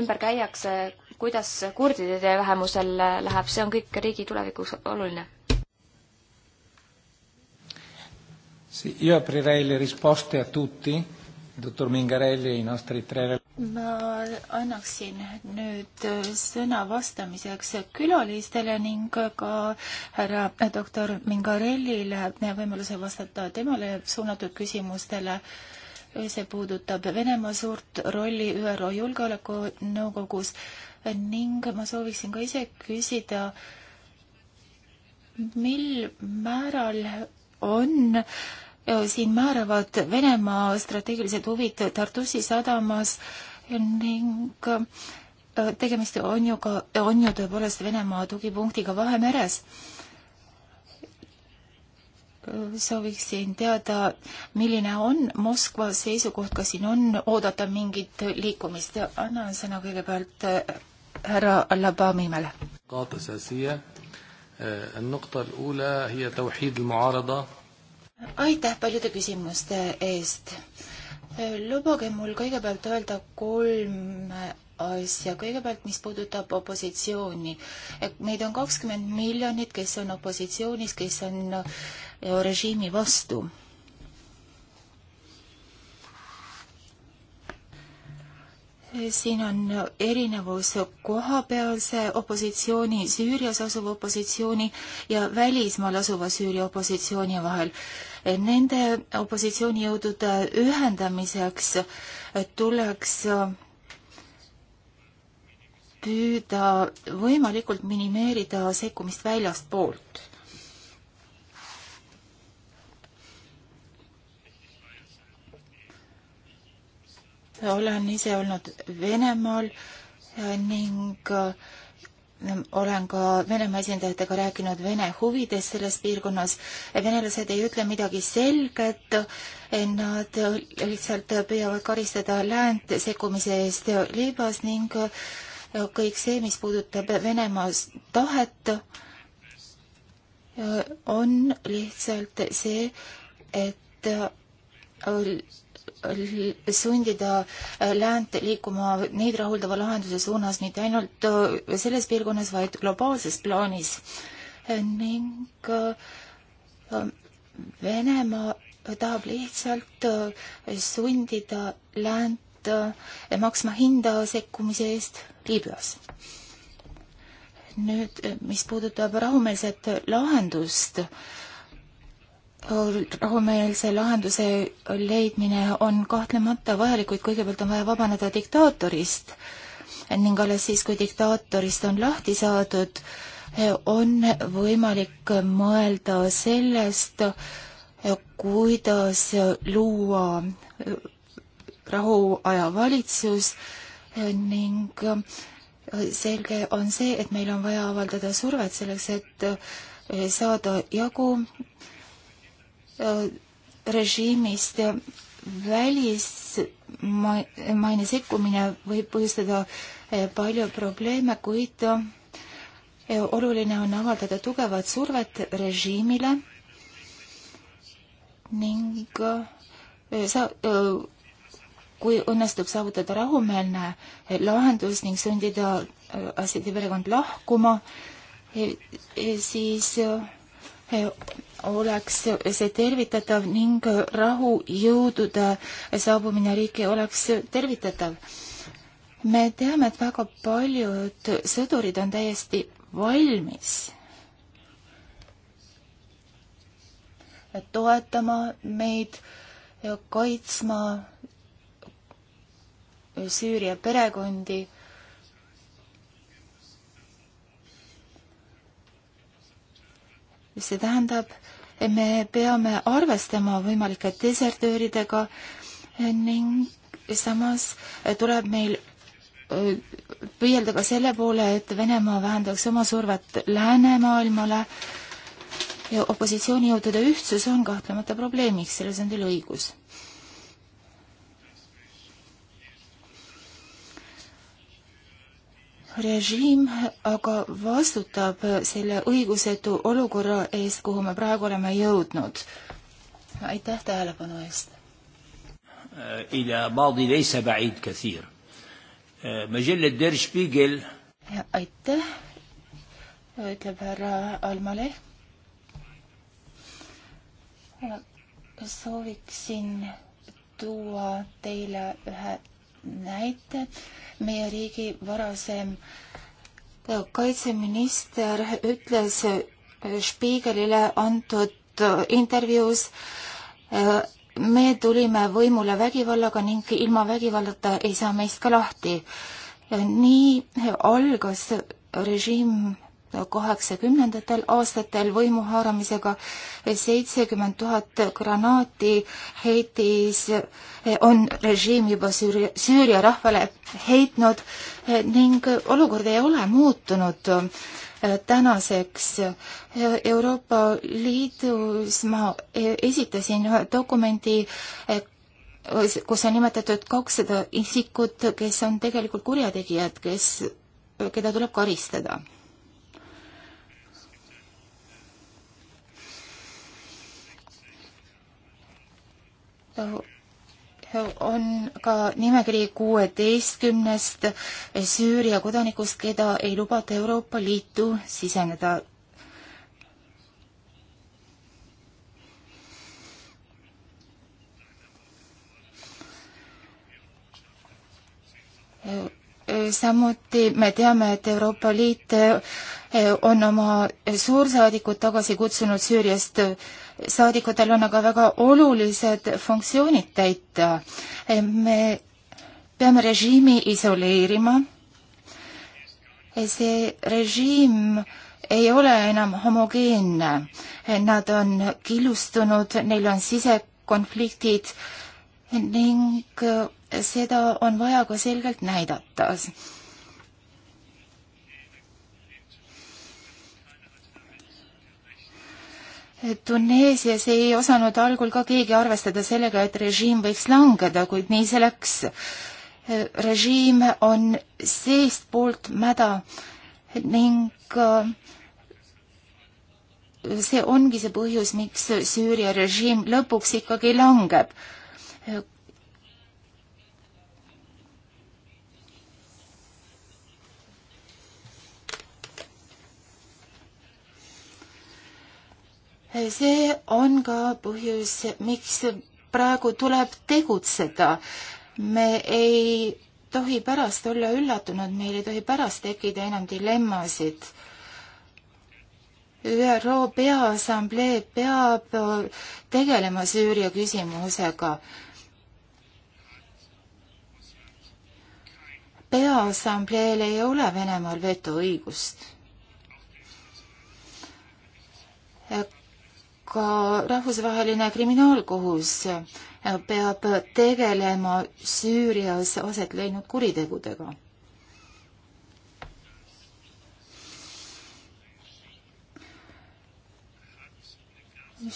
ümber käiakse, kuidas kurdide vähemusel läheb, see on kõik riigi tulevikuks oluline Sì, io aprirei le risposte a tutti, doktor Mingarelli ja e i nostri tre. ma annaksin nüüd eh, sõna vastamiseks külalistele ning ka härra doktor Mingarellile võimaluse vastata temale suunatud küsimustele. see puudutab Venemaa suurt rolli ÜRO Julgeolekunõukogus ning ma sooviksin ka ise küsida, mil määral on äh, siin määravad Venemaa strateegilised huvid Tartusi sadamas ning tegemist on ju ka, on ju tõepoolest Venemaa tugipunktiga Vahemeres sooviksin teada, milline on Moskva seisukoht, kas siin on oodata mingit liikumist? annan sõna kõigepealt härra Allabami nimele. النقطة الأولى هي توحيد المعارضة aitäh paljude küsimuste eest. lubage mul kõigepealt öelda kolm asja. kõigepealt, mis puudutab opositsiooni. Neid on kakskümmend miljonit, kes on opositsioonis, kes on režiimi vastu siin on erinevus kohapealse opositsiooni, Süürias asuva opositsiooni ja välismaal asuva Süüria opositsiooni vahel. Nende opositsioonijõudude ühendamiseks tuleks püüda võimalikult minimeerida sekkumist väljastpoolt olen ise olnud Venemaal äh, ning äh, olen ka Venemaa esindajatega rääkinud Vene huvides selles piirkonnas. venelased ei ütle midagi selget, äh, nad lihtsalt püüavad karistada läänt sekkumise eest Liibüas ning kõik see, mis puudutab Venemaa tahet, on lihtsalt see, et sundida äh, läänt liikuma neid rahuldava lahenduse suunas mitte ainult äh, selles piirkonnas, vaid globaalses plaanis äh, ning Venemaa tahab lihtsalt sundida läänt maksma hinda sekkumise eest Liibüas. nüüd, mis puudutab rahumeelset lahendust, rahumeelse lahenduse leidmine on kahtlemata vajalik, kuid kõigepealt on vaja vabaneda diktaatorist ning alles siis, kui diktaatorist on lahti saadud, on võimalik mõelda sellest, kuidas luua rahuaja valitsus ning selge on see, et meil on vaja avaldada survet selleks, et saada jagu režiimist välismaine sekkumine võib põhjustada eh, palju probleeme, kuid eh, oluline on avaldada tugevat survet režiimile ning eh, sa, kui õnnestub saavutada rahumeelne lahendus ning sundida asjade perekond lahkuma, siis oleks see tervitatav ning rahujõudude saabumine riiki oleks tervitatav. me teame, et väga paljud sõdurid on täiesti valmis toetama meid ja kaitsma Süüria perekondi see tähendab, et me peame arvestama võimalike desertööridega eh, ning samas eh, tuleb meil püüelda eh, ka selle poole, et Venemaa vähendaks oma survet läänemaailmale ja opositsioonijõudude ühtsus on kahtlemata probleemiks, selles on teil õigus režiim aga vastutab selle õigusetu olukorra eest, kuhu me praegu oleme jõudnud. aitäh tähelepanu eest! Eh, eh, aitäh, ütleb härra Almaleh. sooviksin tuua teile ühe näite. meie riigi varasem äh, kaitseminister ütles äh, Spiegelile antud äh, intervjuus, me tulime võimule vägivallaga ning ilma vägivallata ei saa meist ka lahti. nii algas režiim kaheksakümnendatel aastatel võimuhaaramisega. seitsekümmend tuhat granaati Haitis eh, on režiim juba Süüria, Süüria rahvale heitnud eh, ning olukord ei ole muutunud eh, tänaseks Euroopa Liidus ma esitasin dokumendi kus on nimetatud kakssada isikut, kes on tegelikult kurjategijad, kes, keda tuleb karistada on ka nimekiri kuueteistkümnest Süüria kodanikust, keda ei lubata Euroopa Liitu siseneda. samuti me teame, et Euroopa Liit on oma suursaadikud tagasi kutsunud Süüriast saadikutel on aga väga olulised funktsioonid täita. me peame režiimi isoleerima. see režiim ei ole enam homogeenne, nad on killustunud, neil on sisekonfliktid ning seda on vaja ka selgelt näidata Tuneesias ei osanud algul ka keegi arvestada sellega, et režiim võiks langeda, kuid nii see läks. režiim on seestpoolt mäda ning äh, see ongi see põhjus, miks Süüria režiim lõpuks ikkagi langeb see on ka põhjus, miks praegu tuleb tegutseda. me ei tohi pärast olla üllatunud, meil ei tohi pärast tekkida enam dilemmasid. ÜRO Peaassamblee peab tegelema Süüria küsimusega. peaassambleel ei ole Venemaal vetoõigust ka rahvusvaheline kriminaalkohus peab tegelema Süürias aset leidnud kuritegudega.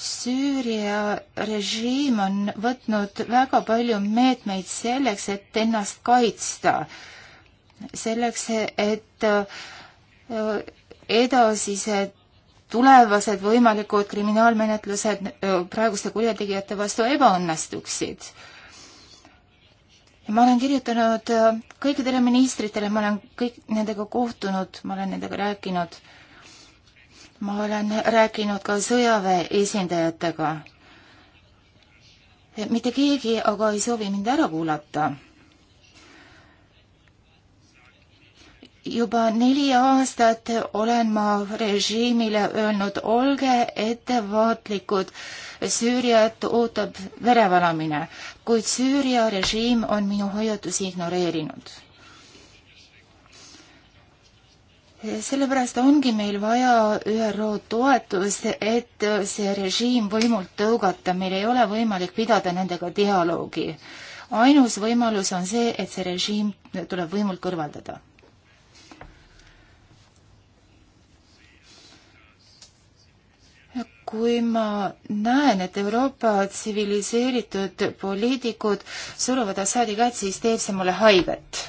Süüria režiim on võtnud väga palju meetmeid selleks, et ennast kaitsta, selleks, et äh, edasised tulevased võimalikud kriminaalmenetlused praeguste kurjategijate vastu ebaõnnestuksid. ma olen kirjutanud kõikidele ministritele, ma olen kõik nendega kohtunud, ma olen nendega rääkinud. ma olen rääkinud ka sõjaväe esindajatega. mitte keegi aga ei soovi mind ära kuulata juba neli aastat olen ma režiimile öelnud, olge ettevaatlikud, Süüriat ootab verevalamine, kuid Süüria režiim on minu hoiatusi ignoreerinud sellepärast ongi meil vaja ÜRO toetust, et see režiim võimult tõugata, meil ei ole võimalik pidada nendega dialoogi. ainus võimalus on see, et see režiim tuleb võimult kõrvaldada. kui ma näen, et Euroopa tsiviliseeritud poliitikud suruvad Assadi kätt, siis teeb see mulle haiget.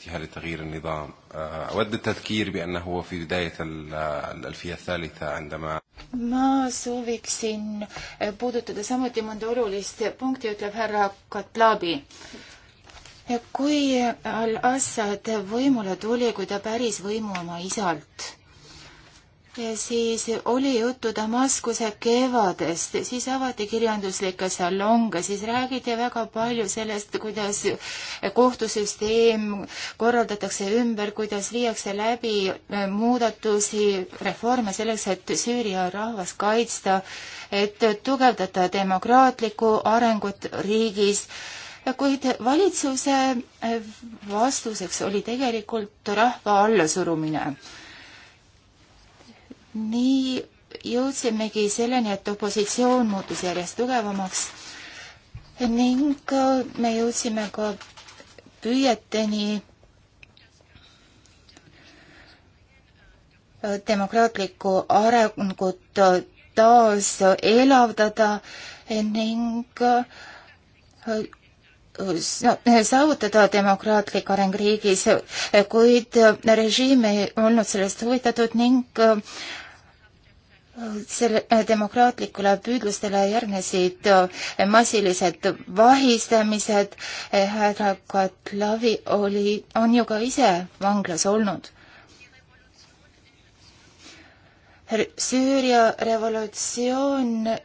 اتجاه لتغيير النظام أود التذكير بأنه هو في بداية الألفية الثالثة عندما ma sooviksin puudutada samuti mõnda olulist punkti, ütleb härra Katlabi. kui Al-Assad võimule tuli, kui ta päris võimu oma isalt siis oli juttu Damaskuse kevadest, siis avati kirjanduslikke salonge, siis räägiti väga palju sellest, kuidas kohtusüsteem korraldatakse ümber, kuidas viiakse läbi äh, muudatusi, reforme selleks, et Süüria rahvas kaitsta, et tugevdada demokraatlikku arengut riigis kuid valitsuse äh, vastuseks oli tegelikult rahva allasurumine nii jõudsimegi selleni, et opositsioon muutus järjest tugevamaks ning äh, me jõudsime ka püüeteni äh, demokraatlikku arengut äh, taas elavdada ning saavutada demokraatlik areng riigis, kuid režiim ei olnud sellest huvitatud ning selle demokraatlikule püüdlustele järgnesid massilised vahistamised, härra Katlavi oli, on ju ka ise vanglas olnud. Süüria revolutsioon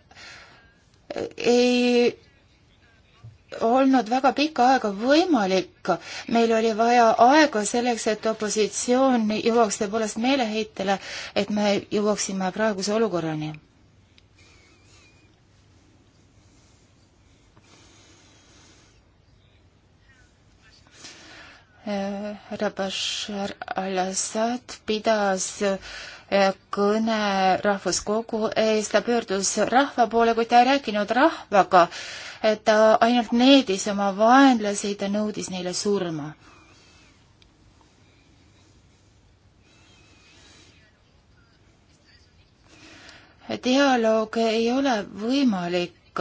ei olnud väga pikka aega võimalik. meil oli vaja aega selleks, et opositsioon jõuaks tõepoolest meeleheitele, et me jõuaksime praeguse olukorrani härra Bashar al-Assad pidas eh, kõne rahvuskogu ees, ta pöördus rahva poole, kuid ta ei rääkinud rahvaga. ta ainult needis oma vaenlasi, ta nõudis neile surma. dialoog ei ole võimalik.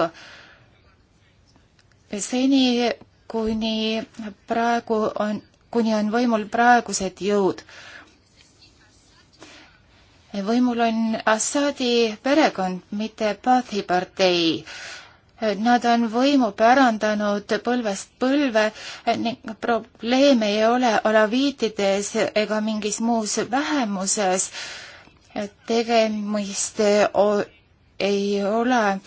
seni, kuni praegu on kuni on võimul praegused jõud. võimul on Assadi perekond, mitte Baathi partei. Nad on võimu pärandanud põlvest põlve ning probleeme ei ole alaviitides ega mingis muus vähemuses. tegemist ei ole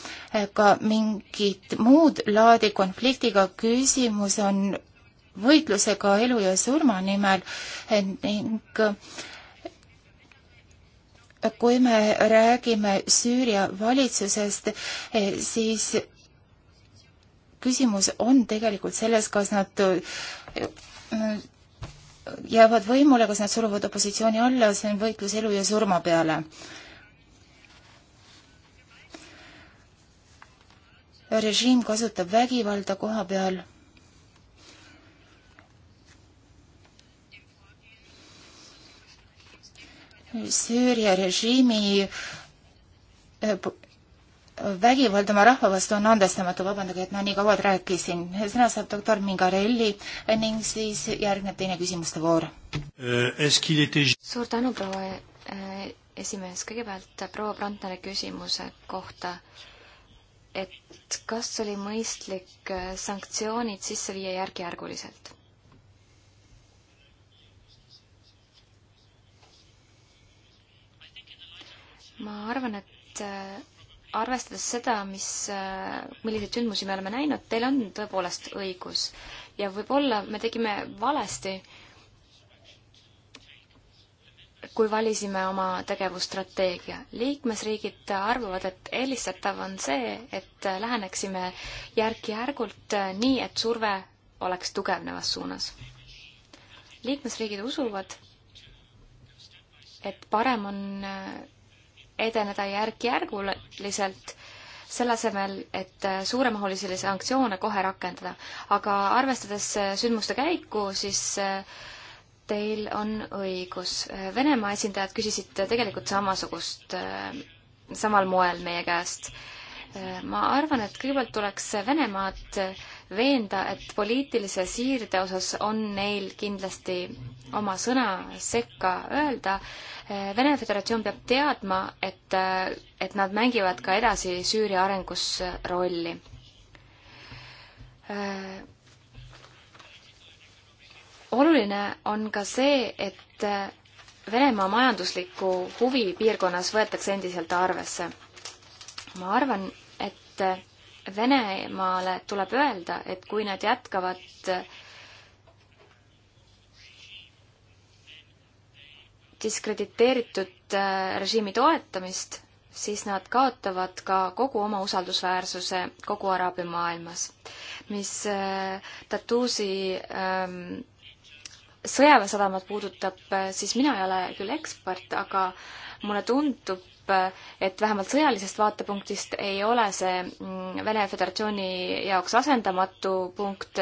ka mingit muud laadi konfliktiga, küsimus on võitlusega elu ja surma nimel ning kui me räägime Süüria valitsusest, siis küsimus on tegelikult selles, kas nad jäävad võimule, kas nad suruvad opositsiooni alla, see on võitlus elu ja surma peale. režiim kasutab vägivalda koha peal Süüria režiimi eh, vägivald oma rahva vastu on andestamatu, vabandage, et ma nii kaua rääkisin. sõna saab doktor Mingarelli ning siis järgneb teine küsimuste voor. Eh, suur tänu, proua eh, esimees. kõigepealt proua Brandneri küsimuse kohta, et kas oli mõistlik sanktsioonid sisse viia järk-järguliselt? ma arvan, et äh, arvestades seda, mis, äh, milliseid sündmusi me oleme näinud, teil on tõepoolest õigus. ja võib-olla me tegime valesti, kui valisime oma tegevusstrateegia. liikmesriigid arvavad, et eelistatav on see, et äh, läheneksime järk-järgult nii, et surve oleks tugevnevas suunas. liikmesriigid usuvad, et parem on edeneda järk-järguliselt, selle asemel, et äh, suuremahulisi sanktsioone kohe rakendada. aga arvestades äh, sündmuste käiku, siis äh, teil on õigus. Venemaa esindajad küsisid tegelikult samasugust, samal moel meie käest. ma arvan, et kõigepealt tuleks Venemaad veenda, et poliitilise siirde osas on neil kindlasti oma sõna sekka öelda. Vene Föderatsioon peab teadma, et, et nad mängivad ka edasi Süüria arengus rolli oluline on ka see, et Venemaa majanduslikku huvi piirkonnas võetakse endiselt arvesse. ma arvan, et Venemaale tuleb öelda, et kui nad jätkavad diskrediteeritud äh, režiimi toetamist, siis nad kaotavad ka kogu oma usaldusväärsuse kogu araabia maailmas. mis äh, Tatuusi ähm, sõjaväesadamat puudutab, äh, siis mina ei ole küll ekspert, aga mulle tundub, et vähemalt sõjalisest vaatepunktist ei ole see mm, Vene Föderatsiooni jaoks asendamatu punkt.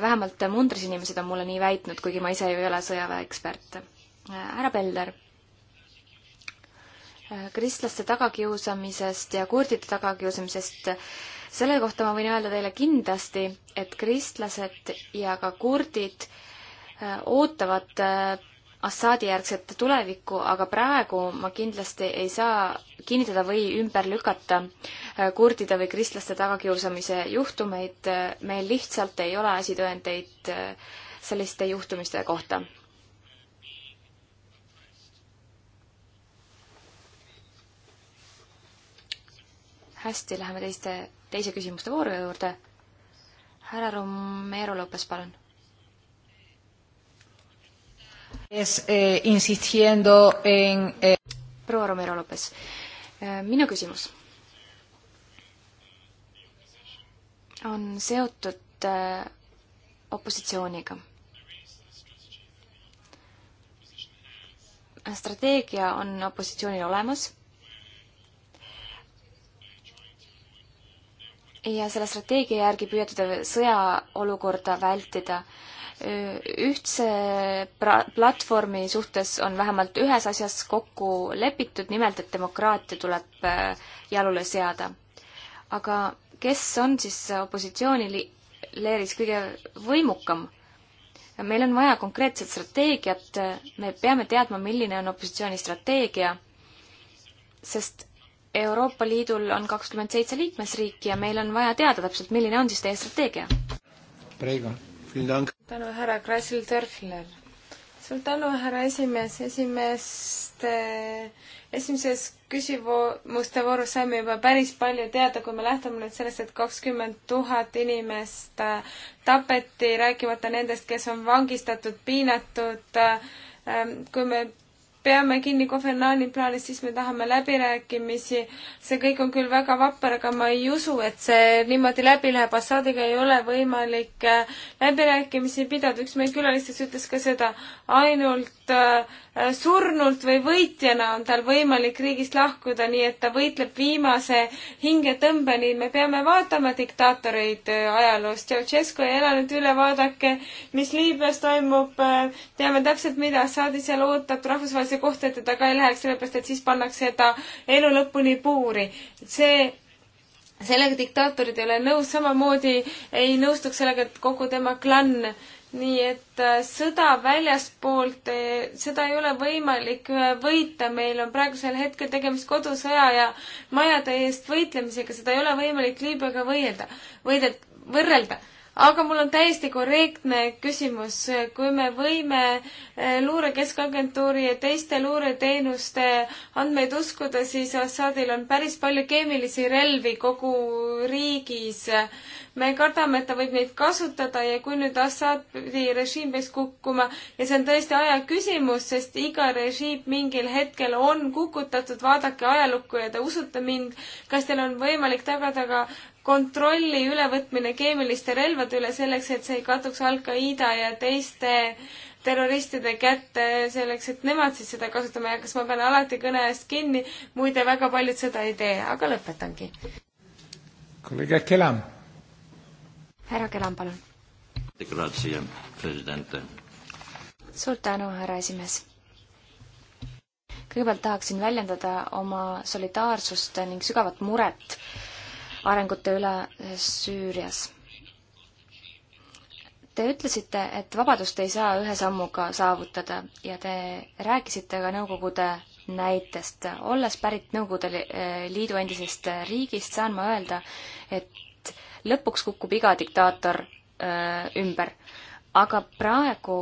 vähemalt mundris inimesed on mulle nii väitnud, kuigi ma ise ju ei ole sõjaväeekspert. härra Pelder. kristlaste tagakiusamisest ja kurdide tagakiusamisest selle kohta ma võin öelda teile kindlasti, et kristlased ja ka kurdid eh, ootavad eh, Assaadi järgset tulevikku, aga praegu ma kindlasti ei saa kinnitada või ümber lükata äh, kurdide või kristlaste tagakiusamise juhtumeid. meil lihtsalt ei ole asitõendeid äh, selliste juhtumiste kohta. hästi, läheme teiste, teise küsimuste vooru juurde. härra Romero Lopes, palun es eh, insistiendo en eh... proua Romero Lopes, eh, minu küsimus on seotud eh, opositsiooniga. strateegia on opositsioonil olemas ja selle strateegia järgi püüate te sõjaolukorda vältida ühtse platvormi suhtes on vähemalt ühes asjas kokku lepitud, nimelt et demokraatia tuleb äh, jalule seada. aga kes on siis opositsioonileeris kõige võimukam? meil on vaja konkreetset strateegiat, me peame teadma, milline on opositsiooni strateegia, sest Euroopa Liidul on kakskümmend seitse liikmesriiki ja meil on vaja teada täpselt, milline on siis teie strateegia? Reigo tänu härra Krassil Törfler. suur tänu, härra esimees, esimest äh, esimeses küsimuste voorus saime juba päris palju teada, kui me lähtume nüüd sellest, et kakskümmend tuhat inimest äh, tapeti, rääkimata nendest, kes on vangistatud, piinatud. Äh, ähm, kui me peame kinni Kofenani plaanist, siis me tahame läbirääkimisi. see kõik on küll väga vapper, aga ma ei usu, et see niimoodi läbi läheb. Assadiga ei ole võimalik äh, läbirääkimisi pidada. üks meie külalistest ütles ka seda, ainult äh, surnult või võitjana on tal võimalik riigist lahkuda, nii et ta võitleb viimase hingetõmbeni. me peame vaatama diktaatoreid äh, ajaloos. Ceausescu ei elanud üle, vaadake, mis Liibüas toimub. teame täpselt, mida Assadi seal ootab rahvusvahelisel pagulase kohta, et ta taga ei läheks, sellepärast et siis pannakse ta elu lõpuni puuri. see sellega diktaatorid ei ole nõus, samamoodi ei nõustuks sellega, et kogu tema klann nii et äh, sõda väljaspoolt, äh, seda ei ole võimalik äh, võita, meil on praegusel hetkel tegemist kodusõja ja majade eest võitlemisega, seda ei ole võimalik Liibüaga võidelda, võidelda, võrrelda aga mul on täiesti korrektne küsimus, kui me võime eh, luurekeskagentuuri ja teiste luureteenuste andmeid uskuda, siis Assadil on päris palju keemilisi relvi kogu riigis. me kardame, et ta võib neid kasutada ja kui nüüd Assadi režiim peaks kukkuma ja see on tõesti aja küsimus, sest iga režiim mingil hetkel on kukutatud, vaadake ajalukku ja te usute mind, kas teil on võimalik tagada ka kontrolli ülevõtmine keemiliste relvade üle selleks, et see ei katuks Al-Qaeda ja teiste terroristide kätte, selleks et nemad siis seda kasutama ei hakkaks. ma pean alati kõne eest kinni, muide väga paljud seda ei tee, aga lõpetangi. kolleeg Kelam. härra Kelam, palun. suur tänu, härra esimees kõigepealt tahaksin väljendada oma solidaarsust ning sügavat muret arengute üle Süürias. Te ütlesite, et vabadust ei saa ühe sammuga saavutada ja te rääkisite ka Nõukogude näitest. olles pärit Nõukogude eh, Liidu endisest riigist, saan ma öelda, et lõpuks kukub iga diktaator öö, eh, ümber. aga praegu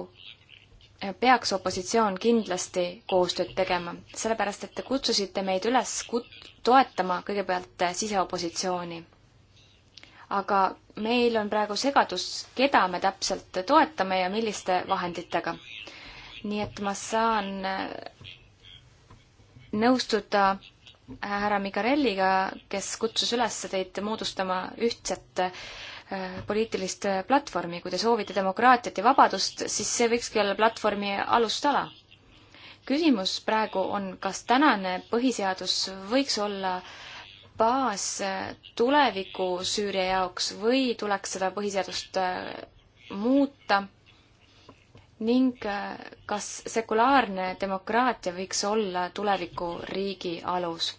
peaks opositsioon kindlasti koostööd tegema, sellepärast et te kutsusite meid üles kut-, toetama kõigepealt siseopositsiooni. aga meil on praegu segadus, keda me täpselt toetame ja milliste vahenditega. nii et ma saan äh, nõustuda äh, härra Migarelliga, kes kutsus üles teid moodustama ühtset äh, Äh, poliitilist äh, platvormi, kui te soovite demokraatiat ja vabadust, siis see võikski olla platvormi alustala. küsimus praegu on, kas tänane põhiseadus võiks olla baas äh, tuleviku Süüria jaoks või tuleks seda põhiseadust muuta ning kas sekulaarne demokraatia võiks olla tuleviku riigi alus?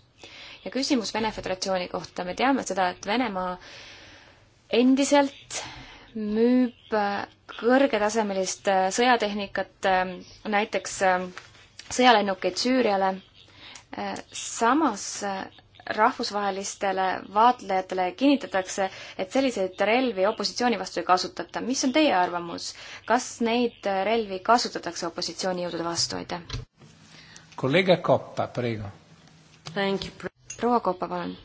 ja küsimus Vene Föderatsiooni kohta, me teame seda, et Venemaa endiselt müüb kõrgetasemelist äh, sõjatehnikat, äh, näiteks äh, sõjalennukeid Süüriale. samas rahvusvahelistele vaatlejatele kinnitatakse, et selliseid relvi opositsiooni vastu ei kasutata. mis on teie arvamus, kas neid relvi kasutatakse opositsioonijõudude vastu, aitäh? kolleeg Koppa, praegu. proua Koppa, palun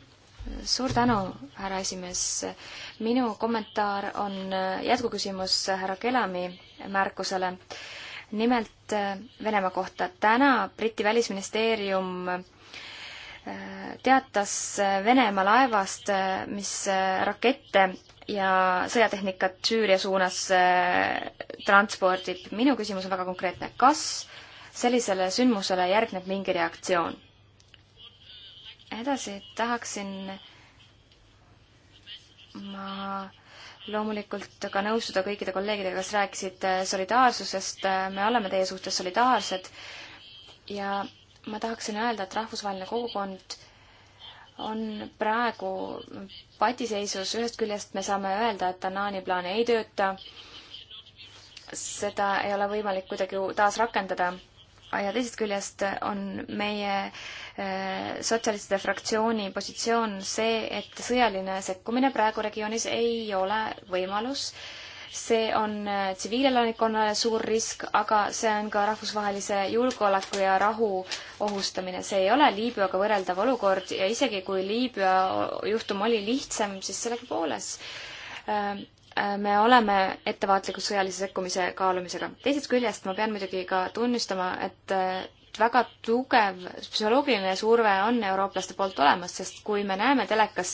suur tänu, härra esimees. minu kommentaar on jätkuküsimus härra Kelami märkusele. nimelt äh, Venemaa kohta. täna Briti välisministeerium äh, teatas äh, Venemaa laevast, mis rakette ja sõjatehnikat Süüria suunas transpordib. minu küsimus on väga konkreetne. kas sellisele sündmusele järgneb mingi reaktsioon? edasi tahaksin ma loomulikult ka nõustuda kõikide kolleegidega, kes rääkisid äh, solidaarsusest, äh, me oleme teie suhtes solidaarsed ja ma tahaksin öelda, et rahvusvaheline kogukond on praegu patiseisus, ühest küljest me saame öelda, et Anani plaan ei tööta, seda ei ole võimalik kuidagi taas rakendada ja teisest küljest on meie äh, sotsialistide fraktsiooni positsioon see, et sõjaline sekkumine praegu regioonis ei ole võimalus. see on äh, tsiviilelanikkonnale suur risk, aga see on ka rahvusvahelise julgeoleku ja rahu ohustamine. see ei ole Liibüaga võrreldav olukord ja isegi kui Liibüa juhtum oli lihtsam, siis sellegipoolest äh, Äh, me oleme ettevaatlikud sõjalise sekkumise kaalumisega. teisest küljest ma pean muidugi ka tunnistama, et äh, väga tugev psühholoogiline surve on eurooplaste poolt olemas, sest kui me näeme telekas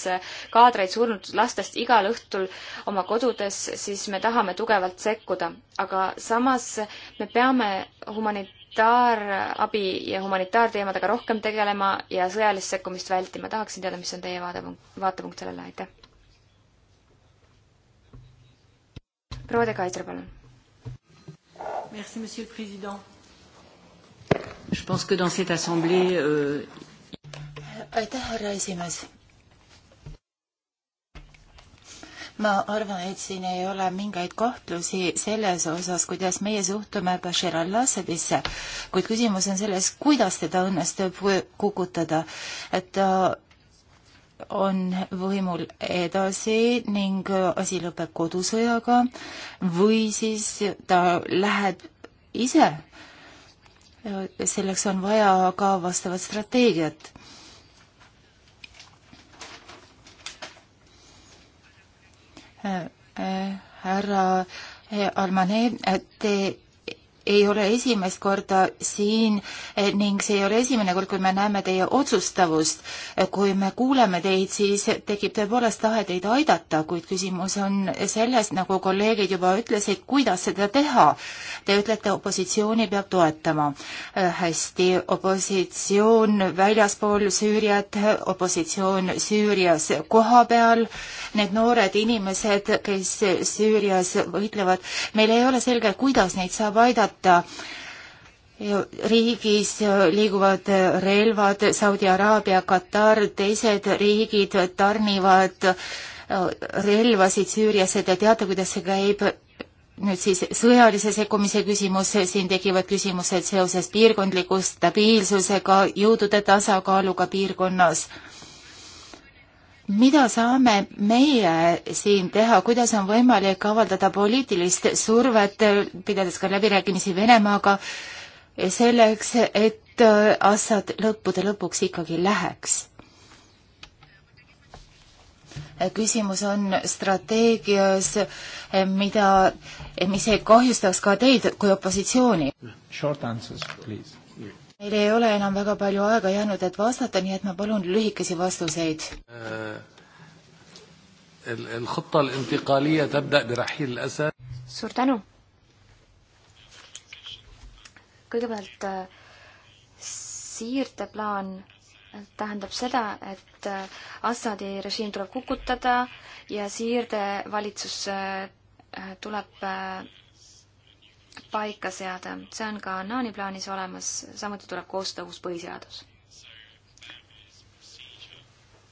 kaadreid surnud lastest igal õhtul oma kodudes, siis me tahame tugevalt sekkuda. aga samas me peame humanitaarabi ja humanitaarteemadega rohkem tegelema ja sõjalist sekkumist vältima. tahaksin teada, mis on teie vaatepunkt, vaatepunkt sellele, aitäh! proua de Kaiser, palun. Merci, monsieur le president. Je pense que dans cette assemblée euh... aitäh, härra esimees. ma arvan, et siin ei ole mingeid kahtlusi selles osas, kuidas meie suhtume Bashar al-Assadisse, kuid küsimus on selles, kuidas teda õnnestub kukutada, et ta äh, on võimul edasi ning asi lõpeb kodusõjaga või siis ta läheb ise. selleks on vaja ka vastavat strateegiat. härra Almane, te ei ole esimest korda siin eh, ning see ei ole esimene kord, kui me näeme teie otsustavust. Eh, kui me kuuleme teid, siis tekib tõepoolest tahe teid aidata, kuid küsimus on selles, nagu kolleegid juba ütlesid, kuidas seda teha. Te ütlete, opositsiooni peab toetama. Eh, hästi, opositsioon väljaspool Süüriat, opositsioon Süürias kohapeal, need noored inimesed, kes Süürias võitlevad, meil ei ole selge, kuidas neid saab aidata võtta. Äh, riigis äh, liiguvad äh, relvad, Saudi Araabia, Katar, teised riigid tarnivad relvasid Süüriasse, te teate, kuidas see käib, nüüd siis sõjalise sekkumise küsimus, siin tekivad küsimused seoses piirkondliku stabiilsusega, jõudude tasakaaluga piirkonnas mida saame meie siin teha, kuidas on võimalik avaldada poliitilist survet, pidades ka läbirääkimisi Venemaaga, selleks, et äh, Assad lõppude lõpuks ikkagi läheks? küsimus on strateegias, mida, mis ei kahjustaks ka teid kui opositsiooni. Short answers, please meil ei ole enam väga palju aega jäänud, et vastata, nii et ma palun lühikesi vastuseid. Äh, suur tänu. kõigepealt äh, siirdeplaan tähendab seda, et äh, Assadi režiim tuleb kukutada ja siirdevalitsus tuleb paika seada, see on ka NAN-i plaanis olemas, samuti tuleb koostada uus põhiseadus.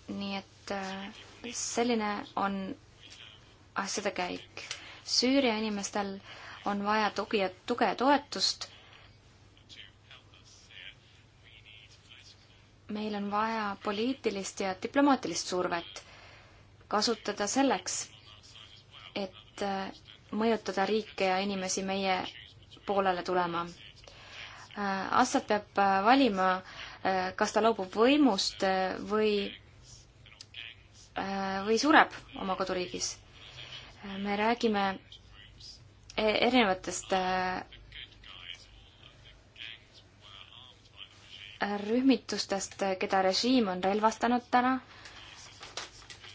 nii et äh, selline on asjade käik. Süüria inimestel on vaja tugi ja tuge ja toetust. meil on vaja poliitilist ja diplomaatilist survet kasutada selleks, et äh, mõjutada riike ja inimesi meie poolele tulema. Äh, Assad peab äh, valima, äh, kas ta loobub võimust või, või sureb oma koduriigis. me räägime e, erinevatest rühmitustest, keda režiim on relvastanud täna.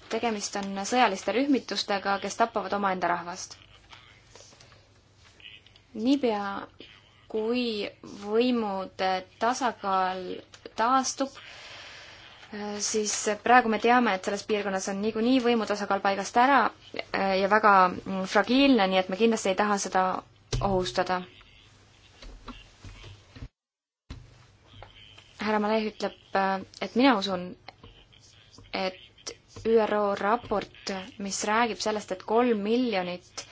tegemist on sõjaliste rühmitustega, kes tapavad omaenda rahvast niipea, kui võimude tasakaal taastub, siis praegu me teame, et selles piirkonnas on niikuinii võimu tasakaal paigast ära äh, ja väga mm, fragiilne, nii et me kindlasti ei taha seda ohustada. härra Maleh ütleb, äh, et mina usun, et ÜRO raport, mis räägib sellest, et kolm miljonit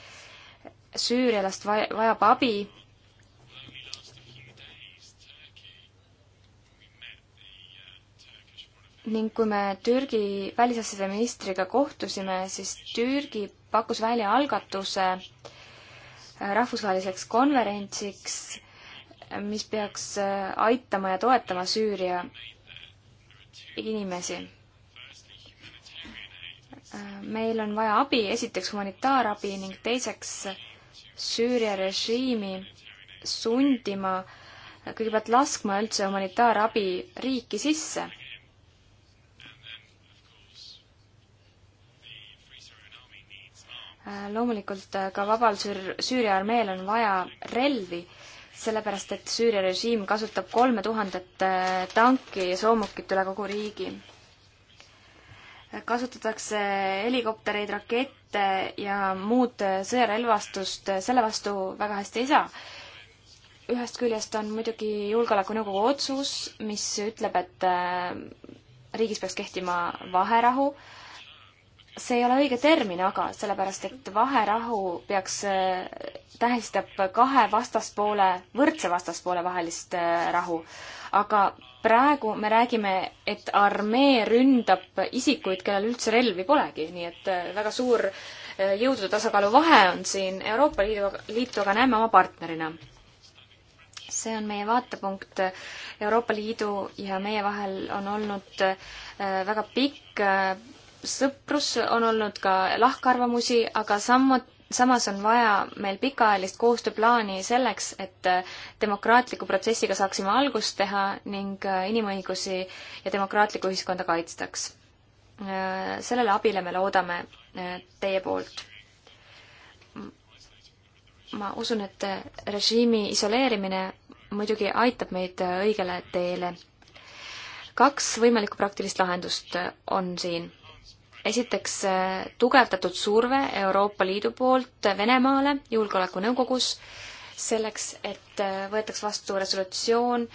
Süürialast vajab abi. ning kui me Türgi välisasjade ministriga kohtusime, siis Türgi pakkus välja algatuse rahvusvaheliseks konverentsiks, mis peaks äh, aitama ja toetama Süüria inimesi äh, meil on vaja abi, esiteks humanitaarabi ning teiseks Süüria režiimi sundima kõigepealt laskma üldse humanitaarabi riiki sisse. loomulikult ka vabal Süür-, Süüria armeel on vaja relvi, sellepärast et Süüria režiim kasutab kolme tuhandet tanki ja soomukit üle kogu riigi kasutatakse helikoptereid, rakette ja muud sõjarelvastust, selle vastu väga hästi ei saa. ühest küljest on muidugi Julgeolekunõukogu otsus, mis ütleb, et äh, riigis peaks kehtima vaherahu, see ei ole õige termin aga, sellepärast et vaherahu peaks, äh, tähistab kahe vastaspoole, võrdse vastaspoole vahelist äh, rahu. aga praegu me räägime, et armee ründab isikuid, kellel üldse relvi polegi, nii et äh, väga suur äh, jõudude tasakaalu vahe on siin Euroopa Liidu, Liitu aga näeme oma partnerina. see on meie vaatepunkt Euroopa Liidu ja meie vahel on olnud äh, väga pikk sõprus, on olnud ka lahkarvamusi, aga samuti samas on vaja meil pikaajalist koostööplaani selleks, et demokraatliku protsessiga saaksime algust teha ning inimõigusi ja demokraatlikku ühiskonda kaitstaks. sellele abile me loodame teie poolt. ma usun, et režiimi isoleerimine muidugi aitab meid õigele teele. kaks võimalikku praktilist lahendust on siin esiteks äh, tugevdatud surve Euroopa Liidu poolt Venemaale Julgeolekunõukogus selleks, et äh, võetaks vastu resolutsioon,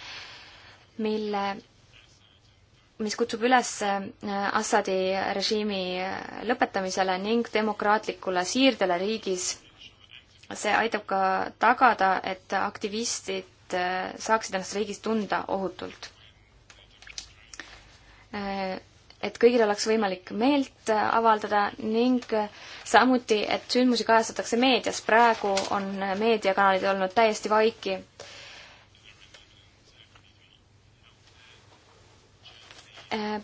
mille, mis kutsub üles äh, Assadi režiimi lõpetamisele ning demokraatlikule siirdele riigis. see aitab ka tagada, et aktivistid saaksid ennast riigis tunda ohutult et kõigil oleks võimalik meelt äh, avaldada ning äh, samuti, et sündmusi kajastatakse meedias. praegu on äh, meediakanalid olnud täiesti vaiki.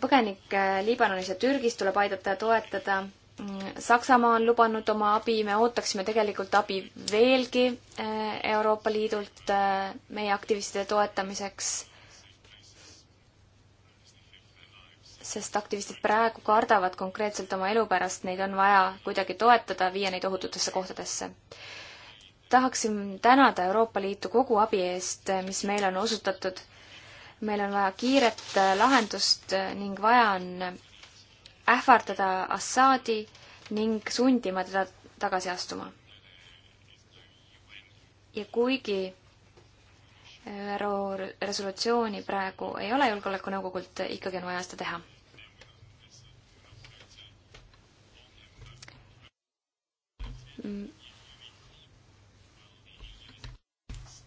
põgenikke Liibanonis ja Türgis tuleb aidata ja toetada. Mm, Saksamaa on lubanud oma abi, me ootaksime tegelikult abi veelgi Euroopa Liidult meie aktivistide toetamiseks sest aktivistid praegu kardavad konkreetselt oma elu pärast, neid on vaja kuidagi toetada, viia neid ohututesse kohtadesse. tahaksin tänada Euroopa Liitu kogu abi eest, mis meile on osutatud. meil on vaja kiiret äh, lahendust äh, ning vaja on ähvardada Assaadi ning sundima teda tagasi astuma. ja kuigi äh, ÜRO resolutsiooni praegu ei ole Julgeolekunõukogult, ikkagi on vaja seda teha.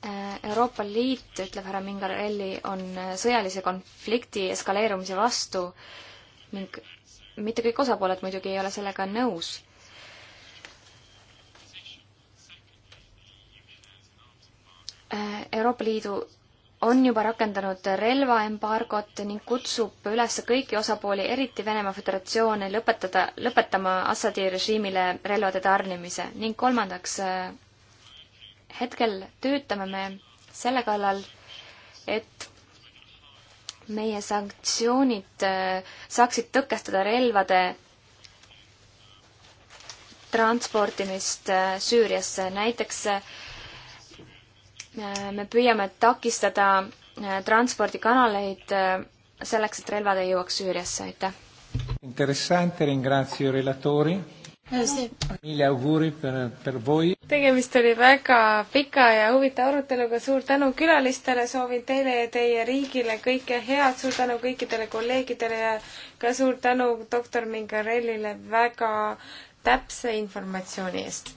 Äh, Euroopa Liit, ütleb härra Mingarelli, on sõjalise konflikti eskaleerumise vastu ning mitte kõik osapooled muidugi ei ole sellega nõus. Äh, Euroopa Liidu on juba rakendanud relvaembargot ning kutsub üles kõiki osapooli, eriti Venemaa Föderatsiooni, lõpetada, lõpetama Assadi režiimile relvade tarnimise ning kolmandaks, äh, hetkel töötame me selle kallal, et meie sanktsioonid äh, saaksid tõkestada relvade transportimist äh, Süüriasse, näiteks Äh, me püüame takistada äh, transpordikanaleid äh, selleks, et relvad ei jõuaks Süüriasse, aitäh. Interessante, ringrazio relatori. Mille auguri per, per voi. tegemist oli väga pika ja huvitava aruteluga, suur tänu külalistele, soovin teile ja teie riigile kõike head, suur tänu kõikidele kolleegidele ja ka suur tänu doktor Mingarellile väga täpse informatsiooni eest.